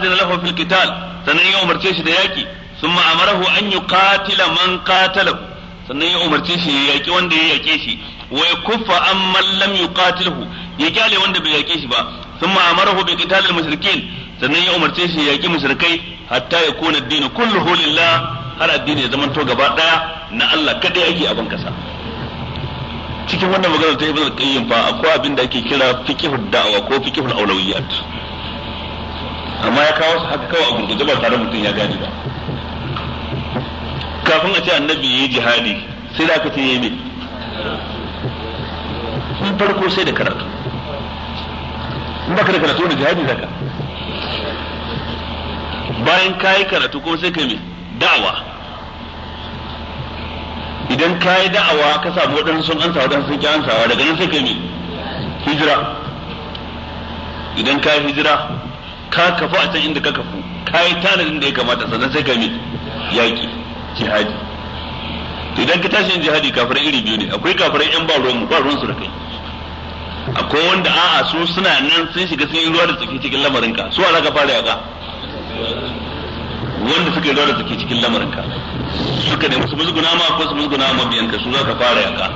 adana lahu fil qital sannan ya umarce shi da yaki summa amarahu an yuqatila man qatalahu sannan ya umarce shi ya yaki wanda ya yake shi wa yakuffa amman lam yuqatilhu ya kyale wanda bai yake shi ba summa amarahu bi qital al mushrikin sannan ya umarce shi ya yaki mushrikai hatta daya na kadai yake a cikin wannan maganar ta ibn qayyim fa akwai abin da ake kira fiqhud da'wa ko fiqhul awlawiyat amma ya kawo su haka kawai a gurguje ba tare mutum ya gane ba kafin a ce annabi ya yi jihadi sai da aka ce yi yi sun farko sai da karatu in baka da karatu wani jihadi zaka bayan ka yi karatu kuma sai ka yi da'awa idan ka yi da'awa ka samu waɗansu sun ansa waɗansu sun ki ansawa daga nan sai ka yi hijira idan ka yi hijira ka kafu a can inda ka kafu ka yi tanadin da ya kamata sannan sai ka mai yaƙi jihadi idan ka tashi yin jihadi kafirai iri biyu ne akwai kafirai yan ba ruwan ba ruwan su da kai akwai wanda a'a su suna nan sun shiga sun yi ruwa da tsaki cikin lamarin ka su ka fara yaƙa wanda suka yi ruwa da tsaki cikin lamarin ka suka nemi su musu guna ma akwai su musu guna ma biyan ka su za ka fara yaƙa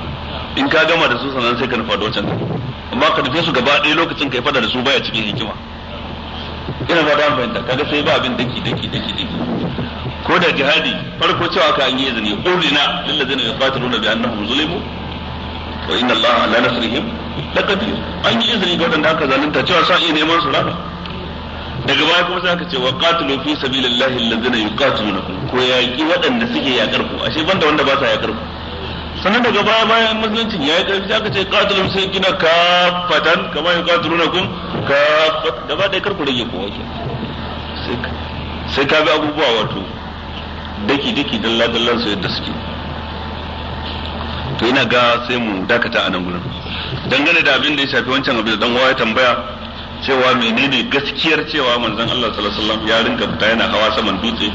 in ka gama da su sannan sai ka nufa da wancan amma ka nufe su gaba ɗaya lokacin ka yi fada da su baya cikin hikima ina ba da fahimta kaga sai ba abin daki daki daki daki ko da jihadi farko cewa ka an yi zane ulina lillazina yaqatiluna bi annahum zulimu wa inna allaha la nasrihim laqadir an yi zane ga wanda aka zalunta cewa sa iya neman su rana daga baya kuma sai aka ce wa qatilu fi sabilillahi allazina yuqatilunakum ko yaki waɗanda suke yakar ku ashe banda wanda ba sa yakar ku sannan daga baya bayan musulunci ya yi ƙarfi aka ce qatilun sai gina kafatan kamar ya qatiluna kum kafat gaba ɗaya karku rage kuma ke sai ka bi abubuwa wato daki daki dalla dallan su yadda suke to ina ga sai mu dakata a nan gurin dangane da abin da ya shafi wancan abin da dan waya tambaya cewa menene gaskiyar cewa manzon Allah sallallahu alaihi wasallam ya rinka fita yana hawa saman dutse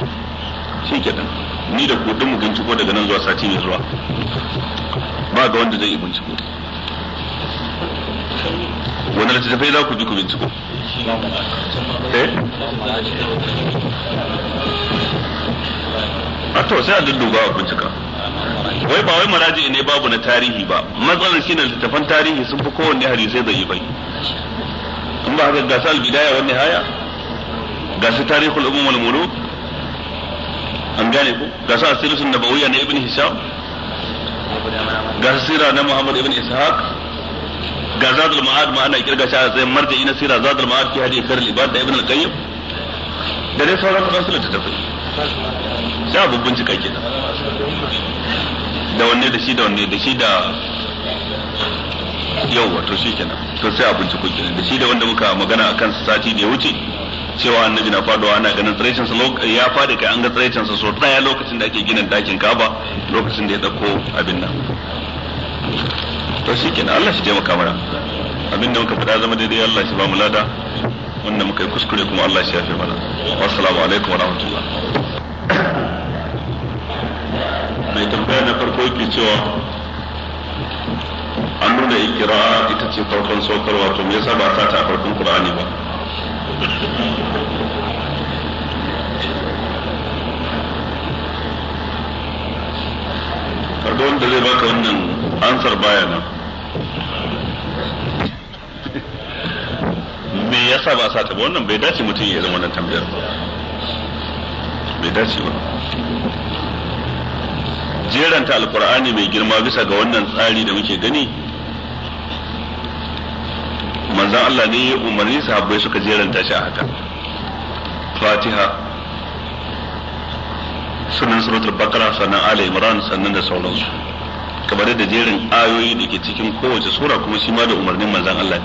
shi kenan ni da ku mu binciko daga nan zuwa sati mai zuwa ba ga wanda zai yi binciko wani littattafai za ku ji ku binciko eh? a to sai a dudduba a bincika wai ba wai maraji ne babu na tarihi ba matsalar shi ne littattafan tarihi sun fi kowanne hadisai zai yi bai in ba haka gasa albidaya wani haya gasa tarihul umum al-muluk an gane ku ga sa asirin nabawiyya na ibn hisham ga sira na muhammad ibn ishaq ga zadul ma'ad ma ana kirga shi a tsayin ina na sira zadul ma'ad ki hadi karil ibad da ibn al-qayyim da dai sauran da littattafai sai abu bincika ke da wanne da shi da wanne da shi da yau wato shi kenan to sai a binciko kenan da shi da wanda muka magana akan sati da ya wuce cewa annabi na faduwa ana ganin tsiraicin sa ya fadi kai an ga tsiraicin sa sau daya lokacin da ake ginin dakin Ka'aba lokacin da ya dauko abin nan to shi shikenan Allah shi taimaka mana abin da muka fada zama daidai Allah shi ba mu lada wanda muka yi kuskure kuma Allah shi yafe mana assalamu alaikum wa rahmatullah mai tambaya na farko yake cewa an nuna ikira ita ce farkon saukarwa to me yasa ba ta ta farkon Qur'ani ba kaga wanda zai baka wannan ansar baya nan me yasa ba sa wannan bai dace mutum ya zama wannan tambayar bai dace ba jeranta alkur'ani mai girma bisa ga wannan tsari da muke gani manzan Allah ne ya umarni sahabbai suka jeranta shi a haka fatiha sunan suratul baqara sannan ali imran sannan da sauransu kamar da jerin ayoyi da ke cikin kowace sura kuma shi ma da umarnin manzan Allah ne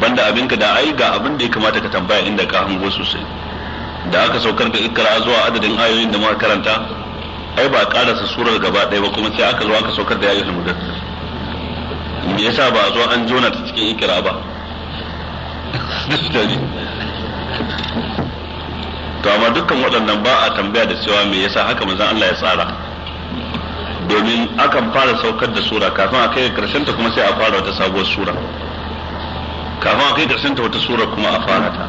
banda abinka da ai ga abin da ya kamata ka tambaya inda ka hango sosai da aka saukar da ikra zuwa adadin ayoyin da muka karanta ai ba a karasa surar gaba ɗaya ba kuma sai aka zo aka saukar da ayoyin mudaththir me yasa ba a zo an jona ta cikin ikira ba to amma dukkan waɗannan ba a tambaya da cewa me yasa haka manzon Allah ya tsara domin akan fara saukar da sura kafin a kai karshen ta kuma sai a fara wata sabuwar sura kafin a kai karshen ta wata sura kuma a fara ta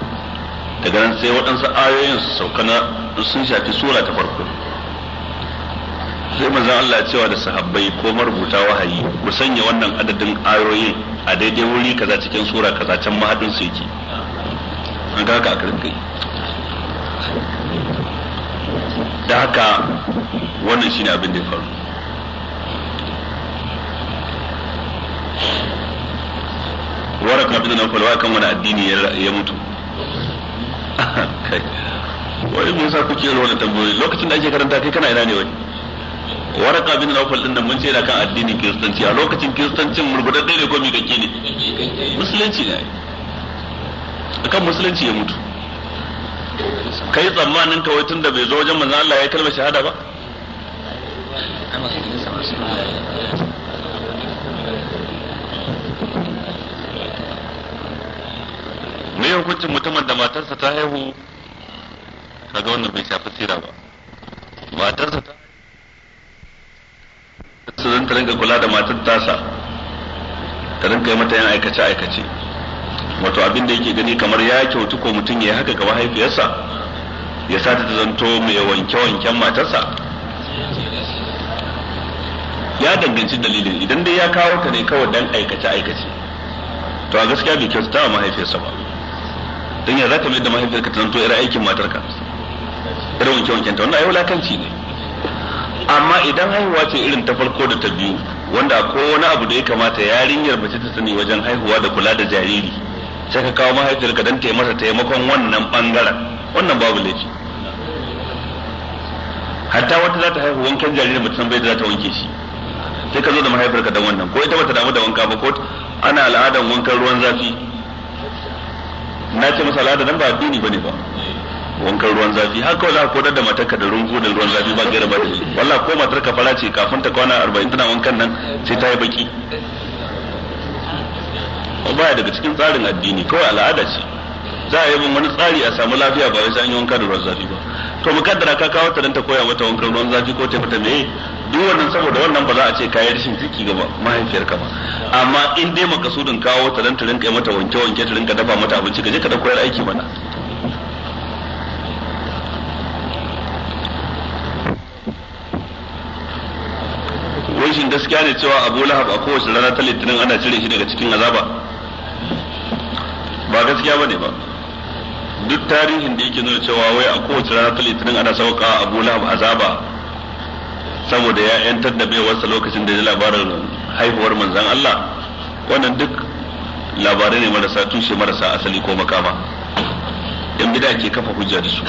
daga nan sai waɗansu ayoyin su sauka na sun shafi sura ta farko sai manzon Allah cewa da sahabbai ko marubuta wahayi ku sanya wannan adadin ayoyin a daidai wuri kaza cikin sura kaza can mahadin su yake an ga haka a karkai da haka wannan shine abin da ya faru waraka bin nan kwalwa kan wani addini ya mutu wai mun sa kuke da tambayoyi lokacin da ake karanta kai kana ina ne wani warka bin naufal din nan mun ce da kan addinin kiristanci a lokacin kiristancin murgudadde ne ko mi kake ne musulunci ne akan musulunci ya mutu kai tsammanin ka wai tunda bai zo wajen manzon Allah ya kalma shahada ba me hukuncin mutumin da matarsa ta haihu kaga wannan bai shafi sira ba matarsa ta su zan ta rinka kula da matar tasa ta rinka yi mata yan aikace aikace wato abin da yake gani kamar ya kyautu ko mutum ya haka ga mahaifiyarsa ya sa ta zanto mai wanke wanken matarsa ya danganci dalilin idan dai ya kawo ta ne kawai dan aikace aikace to a gaskiya bai kyauta wa mahaifiyarsa ba don ya za ta mai da mahaifiyarka ta zanto irin aikin matarka irin wanke wanken ta wannan ai wulakanci ne amma idan haihuwa ce irin ta farko da ta biyu wanda akwai wani abu da ya kamata yarinyar mace ta sani wajen haihuwa da kula da jariri sai ka kawo mahaifiyar ka dan yi masa taimakon wannan bangaren wannan babu laifi hatta wata za ta haihu wankan jariri mace san bai za ta wanke shi sai ka zo da mahaifiyar ka dan wannan ko ita bata damu da wanka ba ko ana al'adan wankan ruwan zafi na ce masa al'ada nan ba addini bane ba wankan ruwan zafi haka wala ko da matarka da rungu da ruwan zafi ba gaira ba da shi wallahi ko ka fara ce kafin ta kwana 40 tana wankan nan sai ta yi baki baya daga cikin tsarin addini kawai al'ada ce za a yi min wani tsari a samu lafiya ba wai sai an yi wanka da ruwan zafi ba to mu kaddara ka kawo ta dan ta koya mata wankan ruwan zafi ko ta fita meye duk wannan saboda wannan ba za a ce kayi rashin ciki ga ka ba amma in dai makasudin kawo ta dan ta rinka mata wanke wanke ta rinka dafa mata abinci ka je ka da koyar aiki mana wai shin gaskiya ne cewa Abu Lahab a kowace rana ta Litinin ana cire shi daga cikin azaba ba gaskiya ba ne ba duk tarihin da yake nuna cewa wai a kowace rana ta Litinin ana sauka Abu Lahab azaba saboda ya yantar da baiwarsa lokacin da ya labarin haihuwar manzan Allah wannan duk labarai ne marasa tushe marasa asali ko makama yan bida ke kafa hujja da su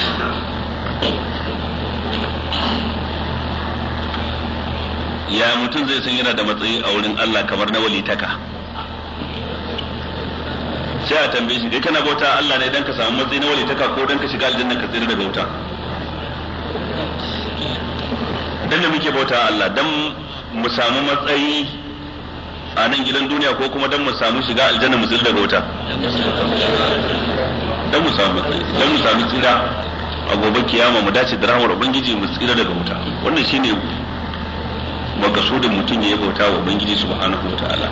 ya mutum zai san yana da matsayi a wurin Allah kamar na walitaka sai a tambaye shi dai eh, kana bauta Allah ne dan ka samu matsayi na walitaka ko dan ka shiga aljanna ka tsira daga wuta dan da muke bauta Allah dan mu samu matsayi a nan gidan duniya ko kuma dan mu samu shiga aljanna mu tsira daga wuta dan mu samu matsayi dan mu samu tsira a gobe kiyama mu dace da rahmar ubangiji mu tsira daga wuta wannan shine makasudin mutum ya bauta wa ubangiji subhanahu wa ta'ala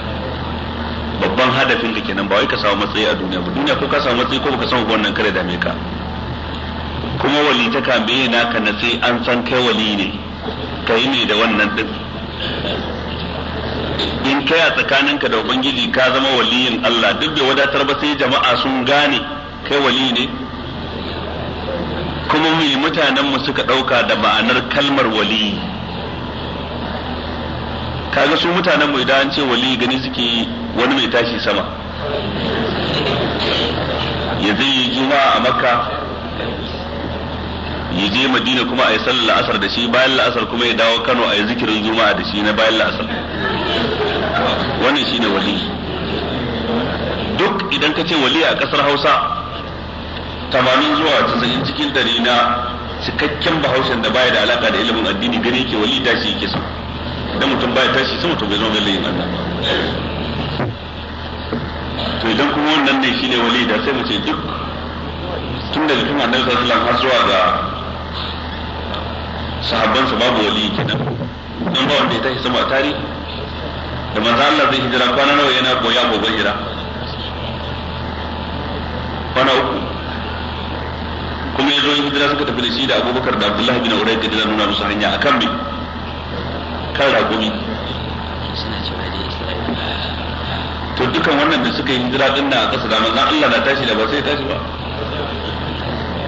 babban hadafin ka kenan ba wai ka samu matsayi a duniya ba duniya ko ka samu matsayi ko baka samu wannan kare dame ka kuma wali ta kambe na ka na sai an san kai wali ne ka yi ne da wannan din in kai a tsakaninka da ubangiji ka zama waliyin Allah duk da wadatar ba sai jama'a sun gane kai wali ne kuma mai mutanenmu suka dauka da ma'anar kalmar waliyi kaga su mutanen mu idan an ce wali gani suke wani mai tashi sama ya zai yi juma'a a makka ya je madina kuma a yi sallar la'asar da shi bayan la'asar kuma ya dawo kano a yi zikirin juma'a da shi na bayan la'asar wannan shine wali duk idan ka ce wali a kasar hausa tamanin zuwa casa'in cikin dari na cikakken bahaushen da baya da alaka da ilimin addini gani ke wali tashi yake sama idan mutum baya tashi sama to bai zama layin Allah to idan kuma wannan ne shine wali da sai mu ce duk tun daga jikin annabi sallallahu alaihi wasallam har zuwa ga sahabban sa babu wali kenan dan ba wanda ya tashi sama a da manzo Allah zai hijira kwana nawa yana goya gobe hira kwana uku kuma ya zo hijira suka tafi da shi da Abubakar da Abdullahi bin Urayq da nuna musu hanya akan me kan ragumi to dukan wannan da suka yi hijira din na ƙasa da manzon Allah na tashi da ba sai tashi ba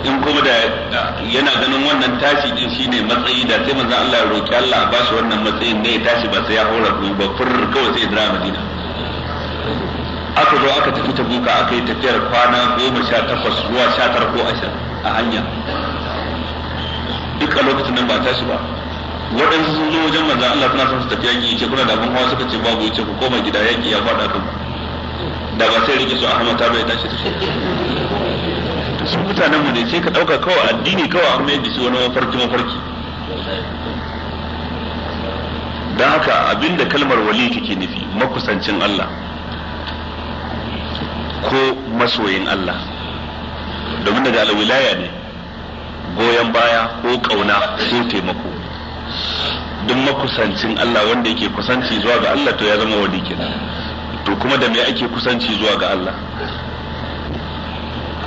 in kuma da yana ganin wannan tashi din shine matsayi da sai manzon Allah ya roki Allah ba shi wannan matsayin ne ya tashi ba sai ya hora ku ba fur kawai sai hijira Madina aka zo aka tafi tabuka aka yi tafiyar kwana goma sha takwas zuwa sha tara ko ashirin a hanya duk a lokacin nan ba tashi ba waɗansu sun zo wajen manzan Allah suna son su tafi yaƙi yace kuna da abin hawa suka ce babu yace ku koma gida yaƙi ya faɗa kan da ba sai rike su a hamata bai tashi da su su mutanen mu ne sai ka ɗauka kawai addini kawai an mai da shi wani mafarki mafarki don haka abinda kalmar wali kake nufi makusancin Allah ko masoyin Allah domin daga alwilaya ne goyon baya ko kauna ko taimako duk makusancin Allah wanda yake kusanci zuwa ga Allah to ya zama wali kenan to kuma da me ake kusanci zuwa ga Allah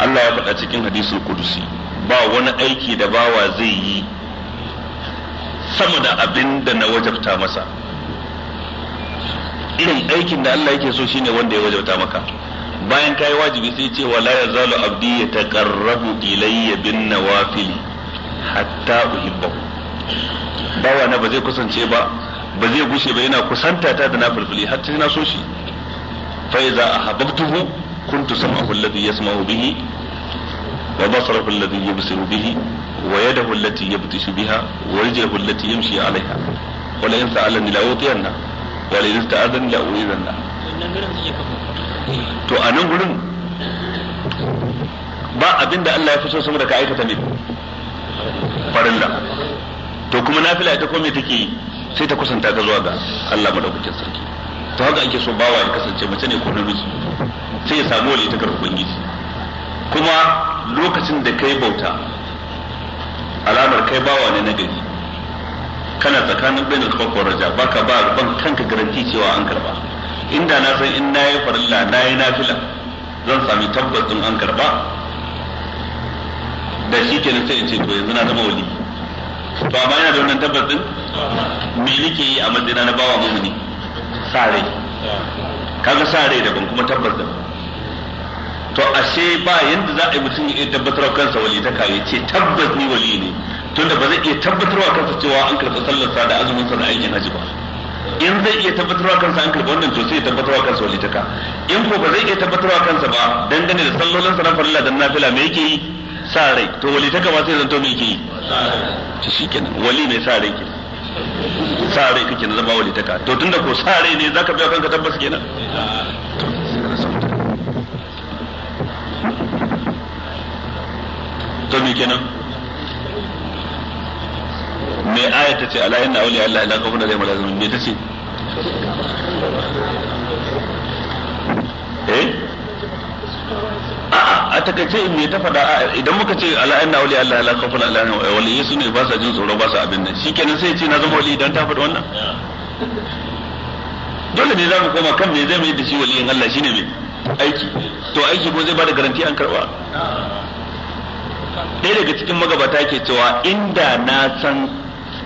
Allah ya faɗa cikin hadisul kudusi ba wani aiki da bawa zai yi sama da abin da na wajabta masa irin aikin da Allah yake so shine wanda ya wajabta maka bayan kai wajibi sai ce wala yazalu abdi yataqarrabu ilayya bin nawafil hatta uhibbahu bawa na ba zai kusance ba ba zai gushe ba yana kusanta ta da na fulfuli har ta na so shi fa iza ahabbtuhu kuntu sam'ahu alladhi yasma'u bihi wa basarahu alladhi yubsiru bihi wa yadahu allati yabtishu biha wa rijluhu allati yamshi 'alayha wa la in sa'alani la utiyanna wa la in ista'adani la uidanna to a nan gurin ba abinda Allah ya fi so saboda ka aikata ne farilla to kuma nafila ita ko me take yi sai ta kusanta ka zuwa ga Allah madaukakin sarki to haka ake so bawa ya kasance mace ne ko namiji sai ya samu wali ta ubangiji kuma lokacin da kai bauta alamar kai bawa ne na gari kana tsakanin bain al-khawf raja baka ba ban kanka garanti cewa an karba inda na san in nayi farilla nayi nafila zan sami tabbas din an karba da shi kenan sai in ce to yanzu na zama wali to amma yana da wannan tabbas din me nake yi a madina na bawa mumuni Sare. kaga sare da daban kuma tabbas daban to ashe ba yanda za a yi mutum ya tabbatar wa kansa wali ta kawai ce tabbas ni wali ne tunda ba zai iya tabbatar wa kansa cewa an karɓi sa da azumin sa da aikin haji ba in zai iya tabbatar wa kansa an karɓi wannan to sai ya tabbatar wa kansa wali ta ka in ko ba zai iya tabbatar wa kansa ba dangane da sallolin sa na farilla da nafila me yake yi sa rai to wali ta kama sai zanto me ke yi shi kenan wali mai sa rai kenan sa rai kake na zama wali ta ka to tunda ko sa rai ne zaka biya kanka tabbas kenan to me kenan me aya ta ce ala inna awliya Allah la khawfun alaihim wa la me ta ce eh a takaice me ta fada idan muka ce ala inna wali Allah la khawfun alaihim wa eh, wali su ne ba sa jin tsoro ba sa abin nan shikenan sai ce na zama wali idan ta fada wannan dole ne za mu koma kan me zai mai da shi in Allah shine me aiki to aiki ko zai bada garanti an karba ɗaya daga cikin magabata ke cewa inda na san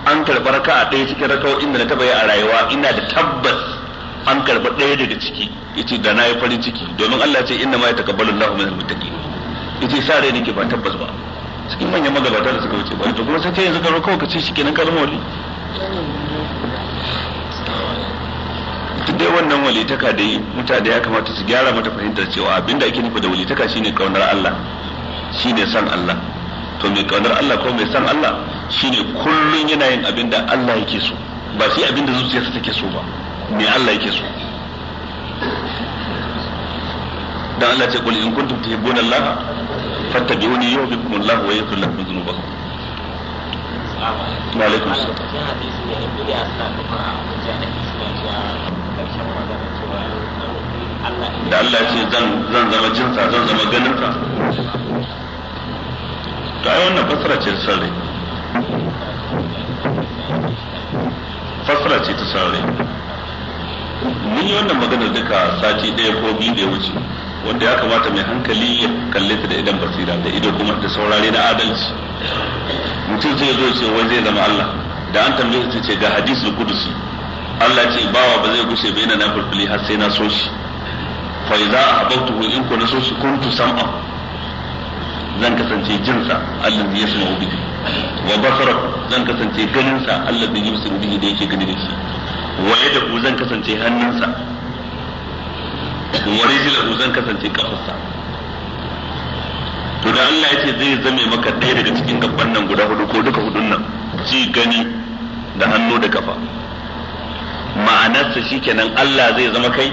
an ka a ɗaya cikin raka'o'in inda na taɓa yi a rayuwa ina da tabbas an karba ɗaya daga ciki yace da na yi farin ciki domin Allah ya ce inna ma yataqabbalu Allahu minal muttaqin yace sa rai nake ba tabbas ba cikin manyan magabata da suka wuce ba to kuma sai kai yanzu karo kawai ka ce shikenan kalmar wali dai wannan walitaka dai mutane ya kamata su gyara mata fahimtar cewa abinda ake nufi da walitaka shine kaunar Allah shine san Allah to mai kaunar Allah ko mai san Allah shine kullun yana yin abinda Allah yake so ba sai abinda zuciyarsa take so ba me Allah yake so dan Allah ce in kuntum tuhibbuna Allah fattabi'uni yuhibbukum Allah wa yaghfir lakum dhunubakum wa da Allah ce zan zan zama jinsa zan zama ganin to ai wannan fasara ce sarri fasara ce ta sarri mun yi wannan maganar duka sati ɗaya ko biyu da ya wuce wanda ya kamata mai hankali ya kalle da idan basira da ido kuma da saurare na adalci mutum zai zo ce wai zai zama Allah da an tambaye su ce ga hadisul kudusi Allah ce bawa ba zai gushe ba yana na fulfuli har sai na so shi fa idza ahabtuhu in kuntu so sam'a zan kasance jinsa Allah ya sanar bidi wa basarar zan kasance ganin sa Allah da yusuf bihi da yake gani da shi wa yadahu zan kasance hannunsa wa rijlahu zan kasance kafarsa to da Allah ya ce zai zame maka ɗaya daga cikin gaban nan guda hudu ko duka hudun nan ji gani da hannu da kafa ma'anarsa kenan Allah zai zama kai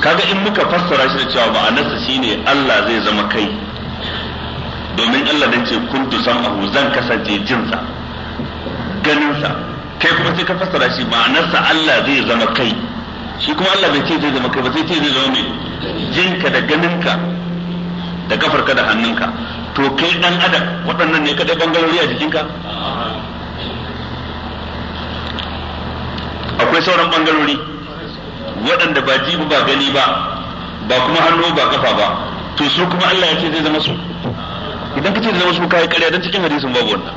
kaga in muka fassara shi da cewa ma'anarsa shine Allah zai zama kai domin Allah dan ce kuntu san abu zan kasance jinsa ganinsa kai kuma sai ka fassara shi ma'anarsa Allah zai zama kai shi kuma Allah bai ce zai zama kai ba sai ce zai zama mai jinka da ganinka da kafarka da hannunka to kai dan adam waɗannan ne kaɗai bangalori a jikinka akwai sauran bangalori waɗanda ba jibi ba gani ba ba kuma hannu ba kafa ba to su kuma Allah ya ce zai zama su idan kace da wasu kai ƙarya dan cikin hadisin babu wannan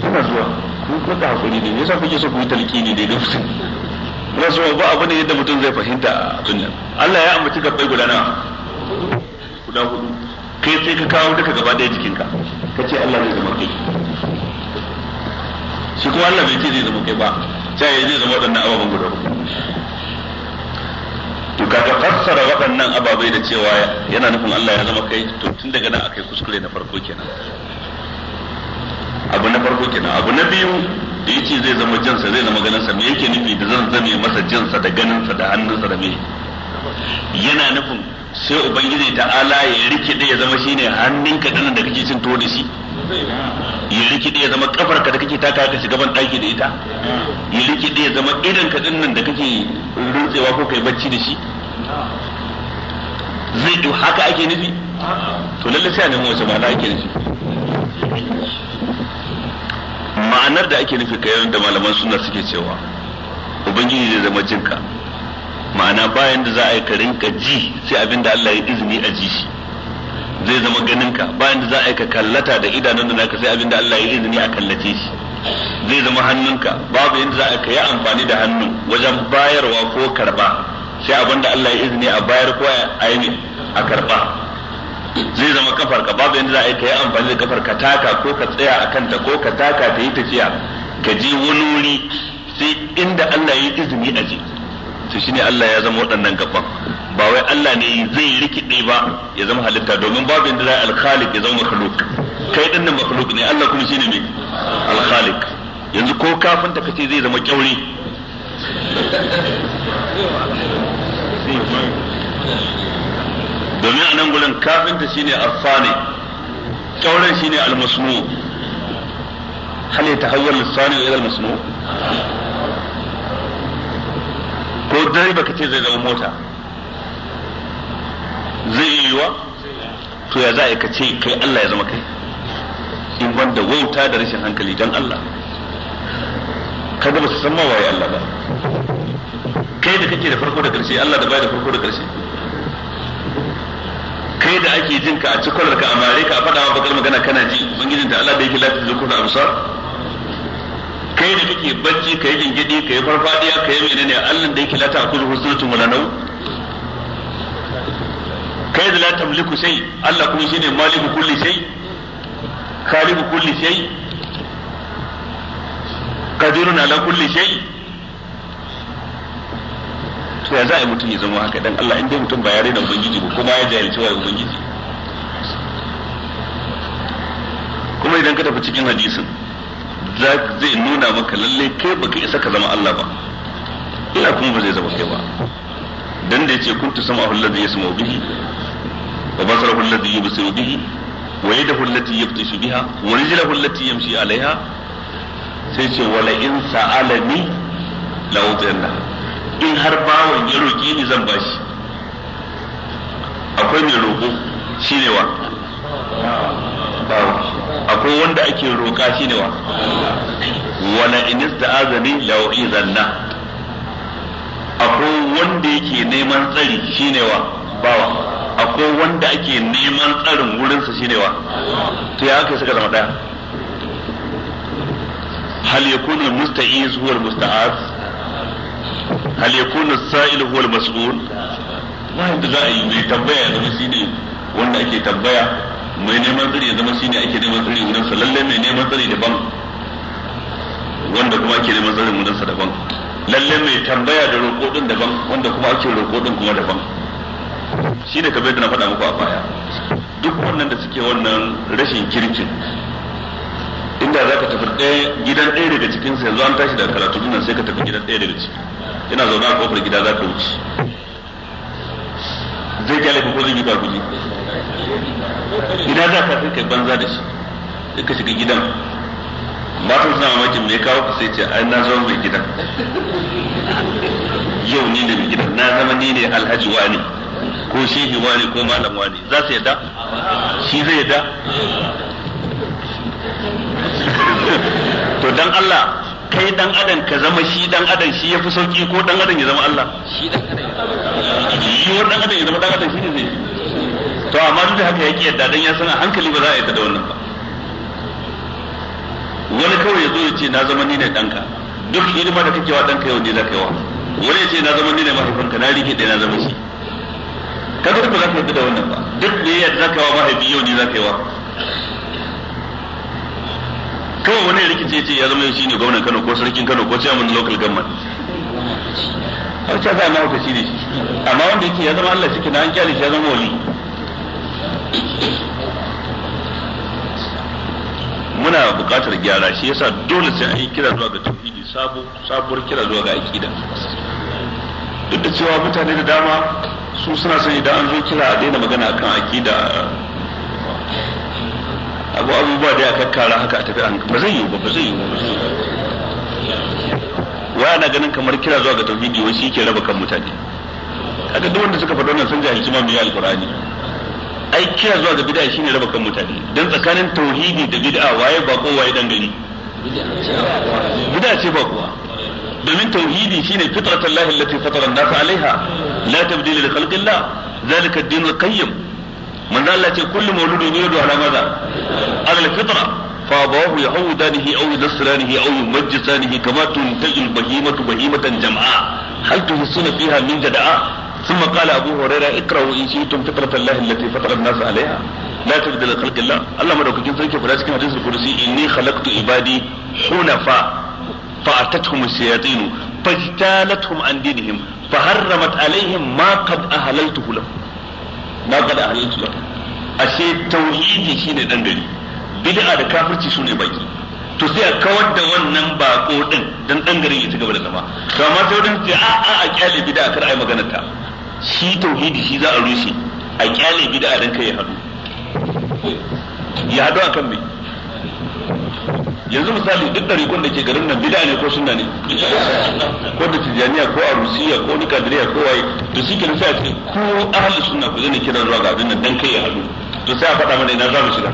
kuna zuwa ku ku kuka hakuri ne yasa kuke so ku yi talqini da gamsu rasu ba abin da yadda mutum zai fahimta a abin Allah ya ambaci gabbai guda na guda hudu kai sai ka kawo duka gaba ɗaya jikinka ka kace Allah zai zama kai shi kuma Allah bai ce zai zama kai ba sai ya zai zama wadannan ababen guda hudu to kaga fassara waɗannan ababai da cewa yana nufin Allah ya zama kai to tun daga nan akai kuskure na farko kenan abu na farko kenan abu na biyu da yace zai zama jinsa zai zama sa me yake nufi da zan zame masa jinsa da ganin sa da hannun sa da me yana nufin sai ubangiji ta'ala ya da ya zama shine hannunka dinan da kake cin tuwo da shi ya da ya zama kafar ka da kake taka ka shiga ban daki da ita ya da ya zama idan ka dinan da kake rutsewa ko kai bacci da shi zai yi haka ake nufi to lalle sai a nemi wace ma'ana ake nufi ma'anar da ake nufi kayan da malaman suna suke cewa ubangiji zai zama jinka ma'ana bayan da za a yi ka rinka ji sai abin da Allah ya izini a ji shi zai zama ganinka bayan da za a yi ka kallata da idanun da naka sai abin da Allah ya izini a kallace shi zai zama hannunka babu yadda za a ka yi amfani da hannu wajen bayarwa ko karba sai abin da Allah ya izini a bayar ko a yi a karba zai zama ka babu yadda za a yi ka yi amfani da kafar ka taka ko ka tsaya a kanta ko ka taka ta yi tafiya ka je wani wuri sai inda Allah ya yi izini a je to shine Allah ya zama waɗannan gaban ba wai Allah ne zai rikide ba ya zama halitta domin babu inda zai al-khaliq ya zama makhluk kai dinnan makhluk ne Allah kuma shine me al yanzu ko kafin ka ce zai zama kyauri domin a nan gurin kafinta shine afani kyauran shine al-masnu hal yatahawwal lissani ila al-masnu ko direba ka ce zai zama mota zai yi yiwa to ya za a ka ce kai Allah ya zama kai in banda wauta da rashin hankali dan Allah ka ba su san mawaye Allah ba kai da kake da farko da karshe Allah da bai da farko da karshe kai da ake jin ka a cikwalar ka a mare ka a faɗa wa bakar magana kana ji ubangijin da Allah da yake lafiya zukur da absar kai da kake bacci kai gingidi kai farfadiya kai menene Allah da yake lata kuzu husnatun wala nau kai da la tamliku shay Allah kuma shine maliku kulli shay khaliku kulli shay qadirun ala kulli shay to ya za a yi mutum ya zama haka dan Allah in dai mutum ba ya rena ubangiji ba kuma ya jahilci wa ubangiji kuma idan ka tafi cikin hadisin zai nuna maka lalle kai baka isa ka zama Allah ba ina kuma ba zai zama kai ba dan da yace kuntu sama'ahu da yasmu bihi wa basarahu alladhi yubsiru bihi wa yadahu allati yaftishu biha wa rijluhu allati yamshi alaiha sai ce wala in sa'alani la utiyanna in har bawon ya roki ni zan bashi akwai mai roko shine wa bawo akwai wanda ake roƙa shi ne wa wala in ista'azani la u'izanna akwai wanda yake neman tsari ne wa bawa akwai wanda ake neman tsarin wurinsa ne wa to ya kai suka zama Hal daya هل يكون المستعيذ هو المستعاذ هل يكون السائل هو المسؤول ما tambaya أي shi ne wanda ake tambaya? mai neman tsari ya zama ne ake neman tsari wurin lallai lalle mai neman tsari daban wanda kuma ake neman tsari wurin sa daban lalle mai tambaya da roƙo din daban wanda kuma ake roƙo din kuma daban shine kamar yadda na faɗa muku a baya duk wannan da suke wannan rashin kirkin inda za ka tafi ɗaya gidan ɗaya daga cikin sa yanzu an tashi daga karatu nan sai ka tafi gidan ɗaya daga ciki ina zaune a kofar gida za ka wuce zai kyale ko zai yi ba ji. ina za ka sai kai banza da shi sai ka shiga gidan matan suna mamakin me kawo ka sai ce ai na zama mai gidan yau ni ne mai gidan na zama ni ne alhaji wani ko shehi wani ko malam wani za su yadda shi zai yadda to dan Allah kai dan adam ka zama shi dan adam shi ya fi sauki ko dan adam ya zama Allah shi dan adam ya zama dan adam shi ne zai to amma duk da haka yake yadda dan ya san hankali ba za a yadda da wannan ba wani kawai ya zo ya ce na zama ni ne danka duk hidima da kake wa danka yau ne za ka yi wa wani ya ce na zama ni ne mahaifinka na rike dai na zama shi ka ga ba za ka yadda da wannan ba duk ne yadda za ka yi wa mahaifi yau ne za ka yi wa kawai wani ya rikice ce ya zama yau ne gwamnan Kano ko sarkin Kano ko chairman local government har ce za a nawa shi ne amma wanda yake ya zama Allah shi na an kyale shi ya zama wali muna buƙatar gyara shi yasa dole sai an yi kira zuwa ga tauhidi sabo sabuwar kira zuwa ga aqida duk da cewa mutane da dama su suna sani idan an zo kira a daina magana akan aqida abu abubuwa da ya kakkara haka a tafi an ba zai yi ba ba zai yi wa ana ganin kamar kira zuwa ga tauhidi wai shi ke raba kan mutane kaga duk wanda suka faɗa wannan sun jahilci ma mai alqur'ani ai kira zuwa ga bid'a shine raba kan mutane dan tsakanin tauhidi da bid'a waye ba ko waye dan gari bid'a ce ba kuwa domin tauhidi shine fitratan lahi allati fatara an-nas alaiha la tabdila li khalqillah zalika ad-din al-qayyim manzo Allah ce kullu mawludun yuladu ala madha ala al-fitra fa abawahu yahudanihi aw yunasranihi aw yumajjisanihi kama tuntajil bahimatu bahimatan jam'a hal tuhsuna fiha min jada'a ثم قال ابو هريره اقرأوا ان شئتم فطره الله التي فطر الناس عليها لا تبدل خلق الله الله مدوكين سنك سكن حديث الكرسي اني خلقت عبادي حنفاء فاتتهم الشياطين فاجتالتهم عن دينهم فحرمت عليهم ما قد اهللته لهم ما قد اهللته لهم أشي توحيدي شيني دندري بدعة كافرتي سوني باكي to sai a kawar da wannan bako din dan dan garin ya ci gaba da zama to amma sai wurin ce a a a kyale bid'a kar ai maganar ta shi tauhidi shi za a rushe a kyale bid'a ranka ya hadu ya hadu akan me yanzu misali duk kun da ke garin nan bid'a ne ko sunna ne ko da tijaniya ko arusiya ko ni kadiriya ko waye to shi ke sai a ce ko ahalin sunna ku zane kiran zuwa ga abin nan dan kai ya hadu to sai a faɗa mana ina za mu shiga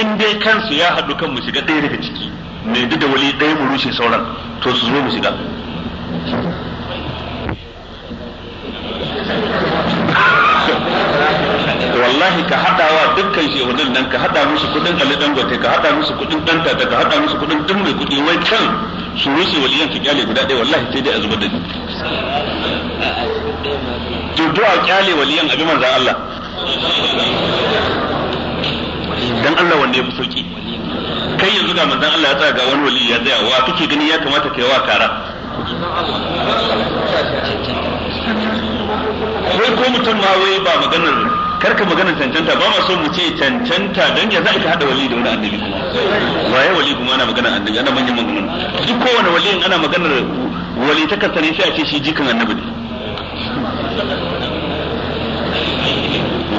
in dai kansu ya hadu kan mu shiga ɗaya daga ciki Mai bi da wali ɗaya mu rushe sauran to su zo mu shiga wallahi ka haɗawa dukkan wajen nan ka haɗa musu kudin Ali Dangote ka haɗa musu kudin danta ta ka haɗa musu kuɗin duk mai kuɗi wai can su rushe waliyan su kyale guda ɗaya wallahi sai dai a zubar da ni to a kyale waliyan abin manzan Allah dan Allah wanda ya fi sauki kai yanzu ga manzon Allah ya tsaya ga wani wali ya tsaya wa kake gani ya kamata kai wa kara sai ko mutum ma wai ba maganar karka maganar cancanta ba ma so mu ce cancanta dan ya za ka hada wali da wani annabi kuma waye wali kuma ana maganar annabi ana manyan maganar duk kowane wali ana maganar wali ta kasance shi a ce shi jikan annabi ne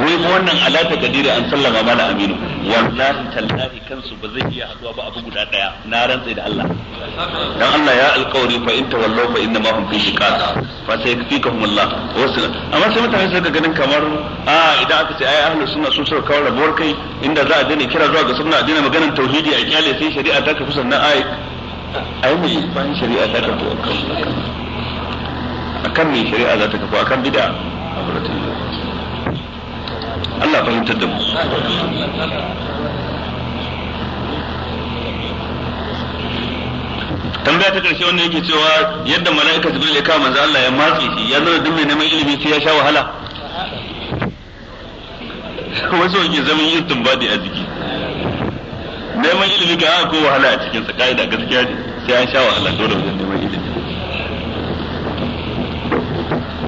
wai wannan alata kadiri an sallama mana aminu wallahi tallahi kansu ba zai iya haduwa ba abu guda daya na rantsa da Allah dan Allah ya alƙawari fa in wallahu fa inna ma hum fi shiqaq fa sayakfikahum Allah wasu amma sai mutane ga ganin kamar a idan aka ce ai ahlus sunna sun so kawo rabuwar kai inda za a daina kira zuwa ga sunna a daina maganar tauhidi a kyale sai shari'a ta kafi sannan ai ai mai ban shari'a ta kafi akan ne shari'a za ta kafi akan bid'a a Allah fahimtar da mu tambaya ta karshe wanda yake cewa yadda mala'ika su ya kama manzo Allah ya matsi shi ya nuna duk mai neman ilimi sai ya sha wahala wasu wani zaman yin tumbadi a jiki neman ilimi ga ko wahala a cikin sa kaida gaskiya ne sai an sha wahala dole wajen neman ilimi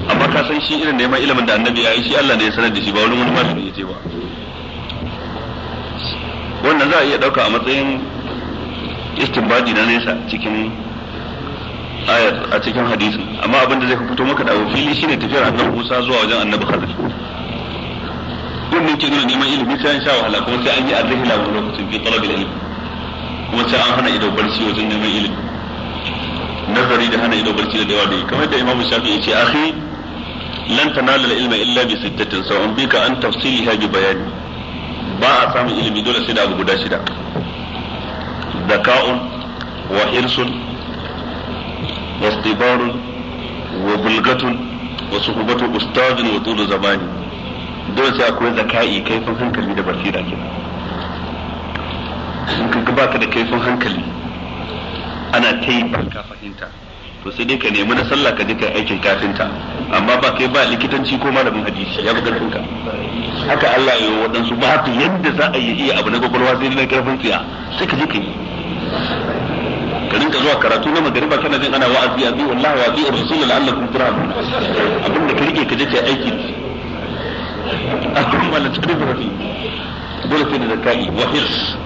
amma ka san shi irin neman ilimin da annabi ya yi shi Allah ne ya sanar da shi ba wani wani malami ya ce ba wannan za a iya dauka a matsayin istinbadi na nesa cikin ayar a cikin hadisi. amma abin da zai fito maka da abu fili shine tafiyar annabi Musa zuwa wajen annabi Khadir duk mun ke nuna neman ilimi sai an sha wahala kuma sai an yi arrihla wani lokacin fi talabil ilmi kuma sai an hana ido barci wajen neman ilimi nazari da hana ido barci da yawa da kamar da imamu shafi ya ce akhi lan tanalu al-ilma illa bi sittatin sa an bika an tafsiliha bi bayani ba a samun ilimi dole sai da abu guda shida zaka'un wa hirsun wa istibarun wa bulgatun wa suhbatu ustadin wa tulu zamani dole sai akwai zaka'i kaifin hankali da basira kenan in ka baka da kaifin hankali ana ta yi fahimta to sai dai ka nemi na sallah ka je kai aikin kafinta amma ba kai ba likitanci ko malamin hadisi ya bugar ka haka Allah ya yi waɗansu ba ta yadda za a yi iya abu na kwakwalwa sai na karfin tsiya sai ka je ka yi ka rinka zuwa karatu na magariba kana jin ana wa'azi a biyu wallahi wa'azi a rasul la'allakum turhamun abin da ka rike ka je kai aiki a kuma akwai malamin rafi dole sai da zakai wa hirs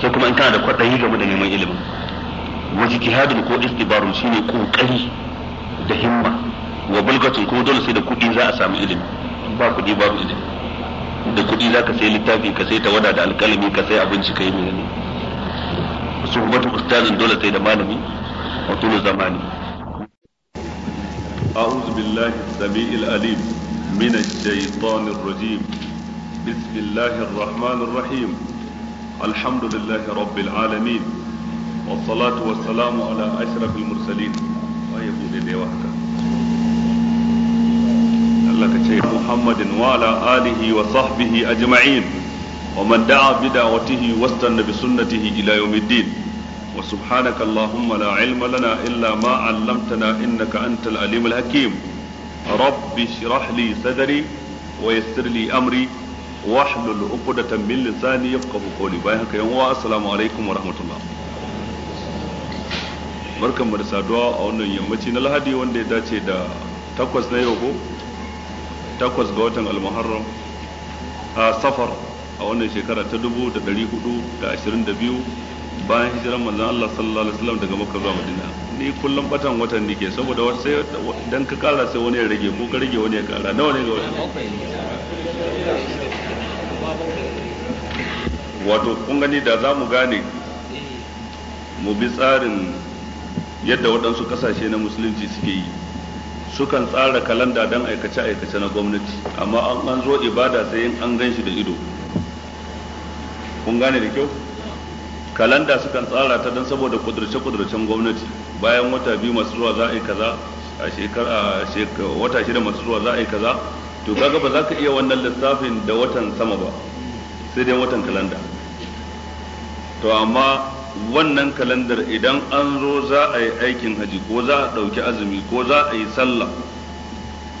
sai kuma in kana da kwaɗayi game da neman ilimin wajtihadun ko istibarun shine kokari da himma wa bulgatun ko dole sai da kuɗi za a samu ilimi ba kuɗi babu ilimi da kuɗi za ka sai littafi ka sai tawada da alkalami ka sai abinci ka yi mai ne su hubatu ustazin dole sai da malami a tulu zamani أعوذ بالله السميع العليم من الشيطان الرجيم بسم الله الرحمن الرحيم الحمد لله رب العالمين والصلاة والسلام على أشرف المرسلين ويقول لي وحده لك شيء محمد وعلى آله وصحبه أجمعين ومن دعا بدعوته واستنى بسنته إلى يوم الدين وسبحانك اللهم لا علم لنا إلا ما علمتنا إنك أنت العليم الحكيم رب اشرح لي صدري ويسر لي أمري واحلل عقدة من لساني يفقه قولي بايعك يوم السلام عليكم ورحمة الله barkanmu da saduwa a wannan yammaci na lahadi wanda ya dace da takwas na yau ko takwas ga watan almuharram a safar a wannan shekara ta dubu da dari hudu da ashirin da biyu bayan hijiran manzan Allah sallallahu alaihi wasallam daga makka zuwa madina ni kullum batan watan nike saboda wata sai dan ka kara sai wani ya rage ko ka rage wani ya kara nawa ne ga wani wato kun gani da za mu gane mu bi tsarin yadda waɗansu ƙasashe na musulunci suke yi sukan tsara kalanda don aikace-aikace na gwamnati amma an an zo ibada sai yin an gan shi da ido kun gane da kyau kalanda sukan tsara ta don saboda kudurce-kudurcen gwamnati bayan wata biyu masu zuwa za a yi kaza a shekara wata shida masu zuwa za a yi kaza to kaga ba za ka iya wannan lissafin da watan sama ba sai dai watan kalanda to amma wannan kalandar idan an zo za a yi aikin haji ko za a ɗauki azumi ko za a yi sallah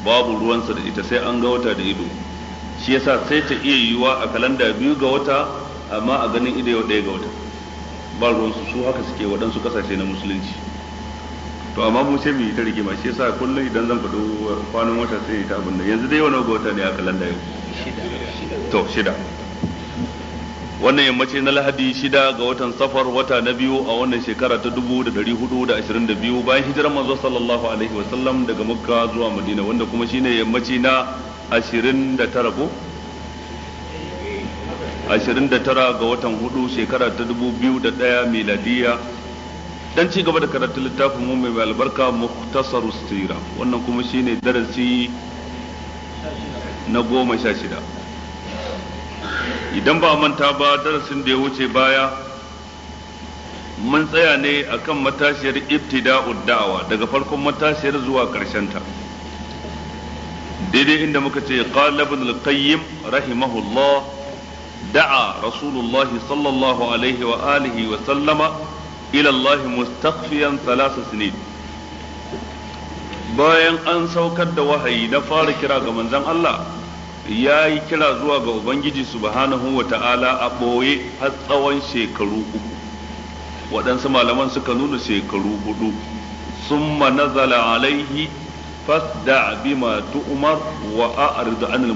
babu ruwansa da ita sai an ga wata da ido shi yasa sai ta iya yiwuwa a kalanda biyu ga wata amma a ganin ido ɗaya ga wata ba ruwansu su haka suke waɗansu ƙasashe na musulunci to amma mu sai mu yi ta ma shi yasa kullum idan zan faɗo kwanan wata sai ta abin da yanzu dai wani ga wata ne a kalanda yau to shida wannan yammaci na lahadi shida ga watan safar wata na biyu a wannan shekara ta dubu da dari hudu da ashirin da biyu bayan hijirar manzo sallallahu alaihi wasallam daga makka zuwa madina wanda kuma shine yammaci na ashirin da tara ko ashirin da tara ga watan hudu shekara ta dubu biyu da ɗaya miladiya dan ci gaba da karatun littafin mu mai albarka muhtasarus sira wannan kuma shine darasi na goma sha shida idan ba manta ba darasin da ya wuce baya mun tsaya ne a kan matashiyar ibtida'ud da'awa daga farkon matashiyar zuwa ta daidai inda muka ce qala ibn qayyim rahimahullah da'a rasulullahi sallallahu alaihi wa alihi wa sallama ila Allah mustakhfiyan sinin bayan an saukar da wahayi na fara kira ga manzon Allah ya yi kira zuwa ga ubangiji subhanahu wa ta'ala a ɓoye har tsawon shekaru uku waɗansu malaman suka nuna shekaru hudu summa nazala alaihi fasda bima tu'mar wa a'rid anil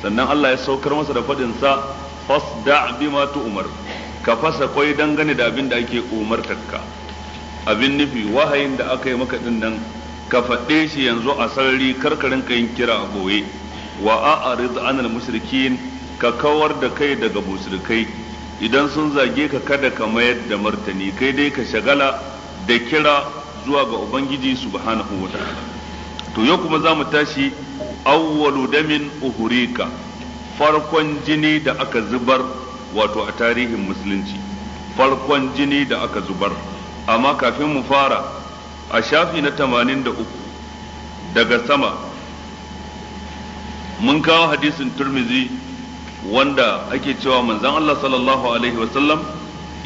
sannan Allah ya saukar masa da faɗin sa fasda bima tu'mar ka fasa kwai dangane da abin da ake umartarka abin nufi wahayin da aka yi maka din nan ka faɗe shi yanzu a sarari karkarin yin kira a goye wa a'rid anil mushrikin ka kawar da kai daga mushrikai idan sun zage ka kada ka mayar da martani kai dai ka shagala da kira zuwa ga ubangiji subhanahu wa to yau kuma za mu tashi awwalu damin uhurika farkon jini da aka zubar wato a tarihin musulunci farkon jini da aka zubar amma kafin mu fara a shafi na 83 daga sama mun kawo hadisin turmizi wanda ake cewa manzon Allah sallallahu alaihi wasallam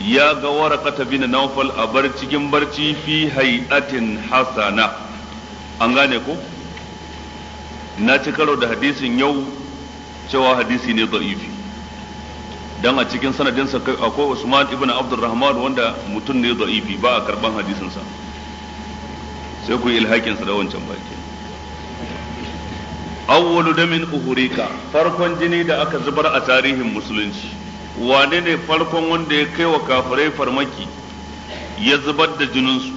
ya ga warakata bin naufal a bar cikin barci fi hai'atin hasana an gane ko na ci karo da hadisin yau cewa hadisi ne da'ifi don a cikin sanadinsa akwai Usman ibn Abdulrahman wanda mutum ne da'ifi ba a karban hadisinsa sai ku yi ilhakinsa da wancan baki awwalu damin uhurika farkon jini da aka zubar a tarihin musulunci wane ne farkon wanda ya kai wa kafarai farmaki ya zubar da jininsu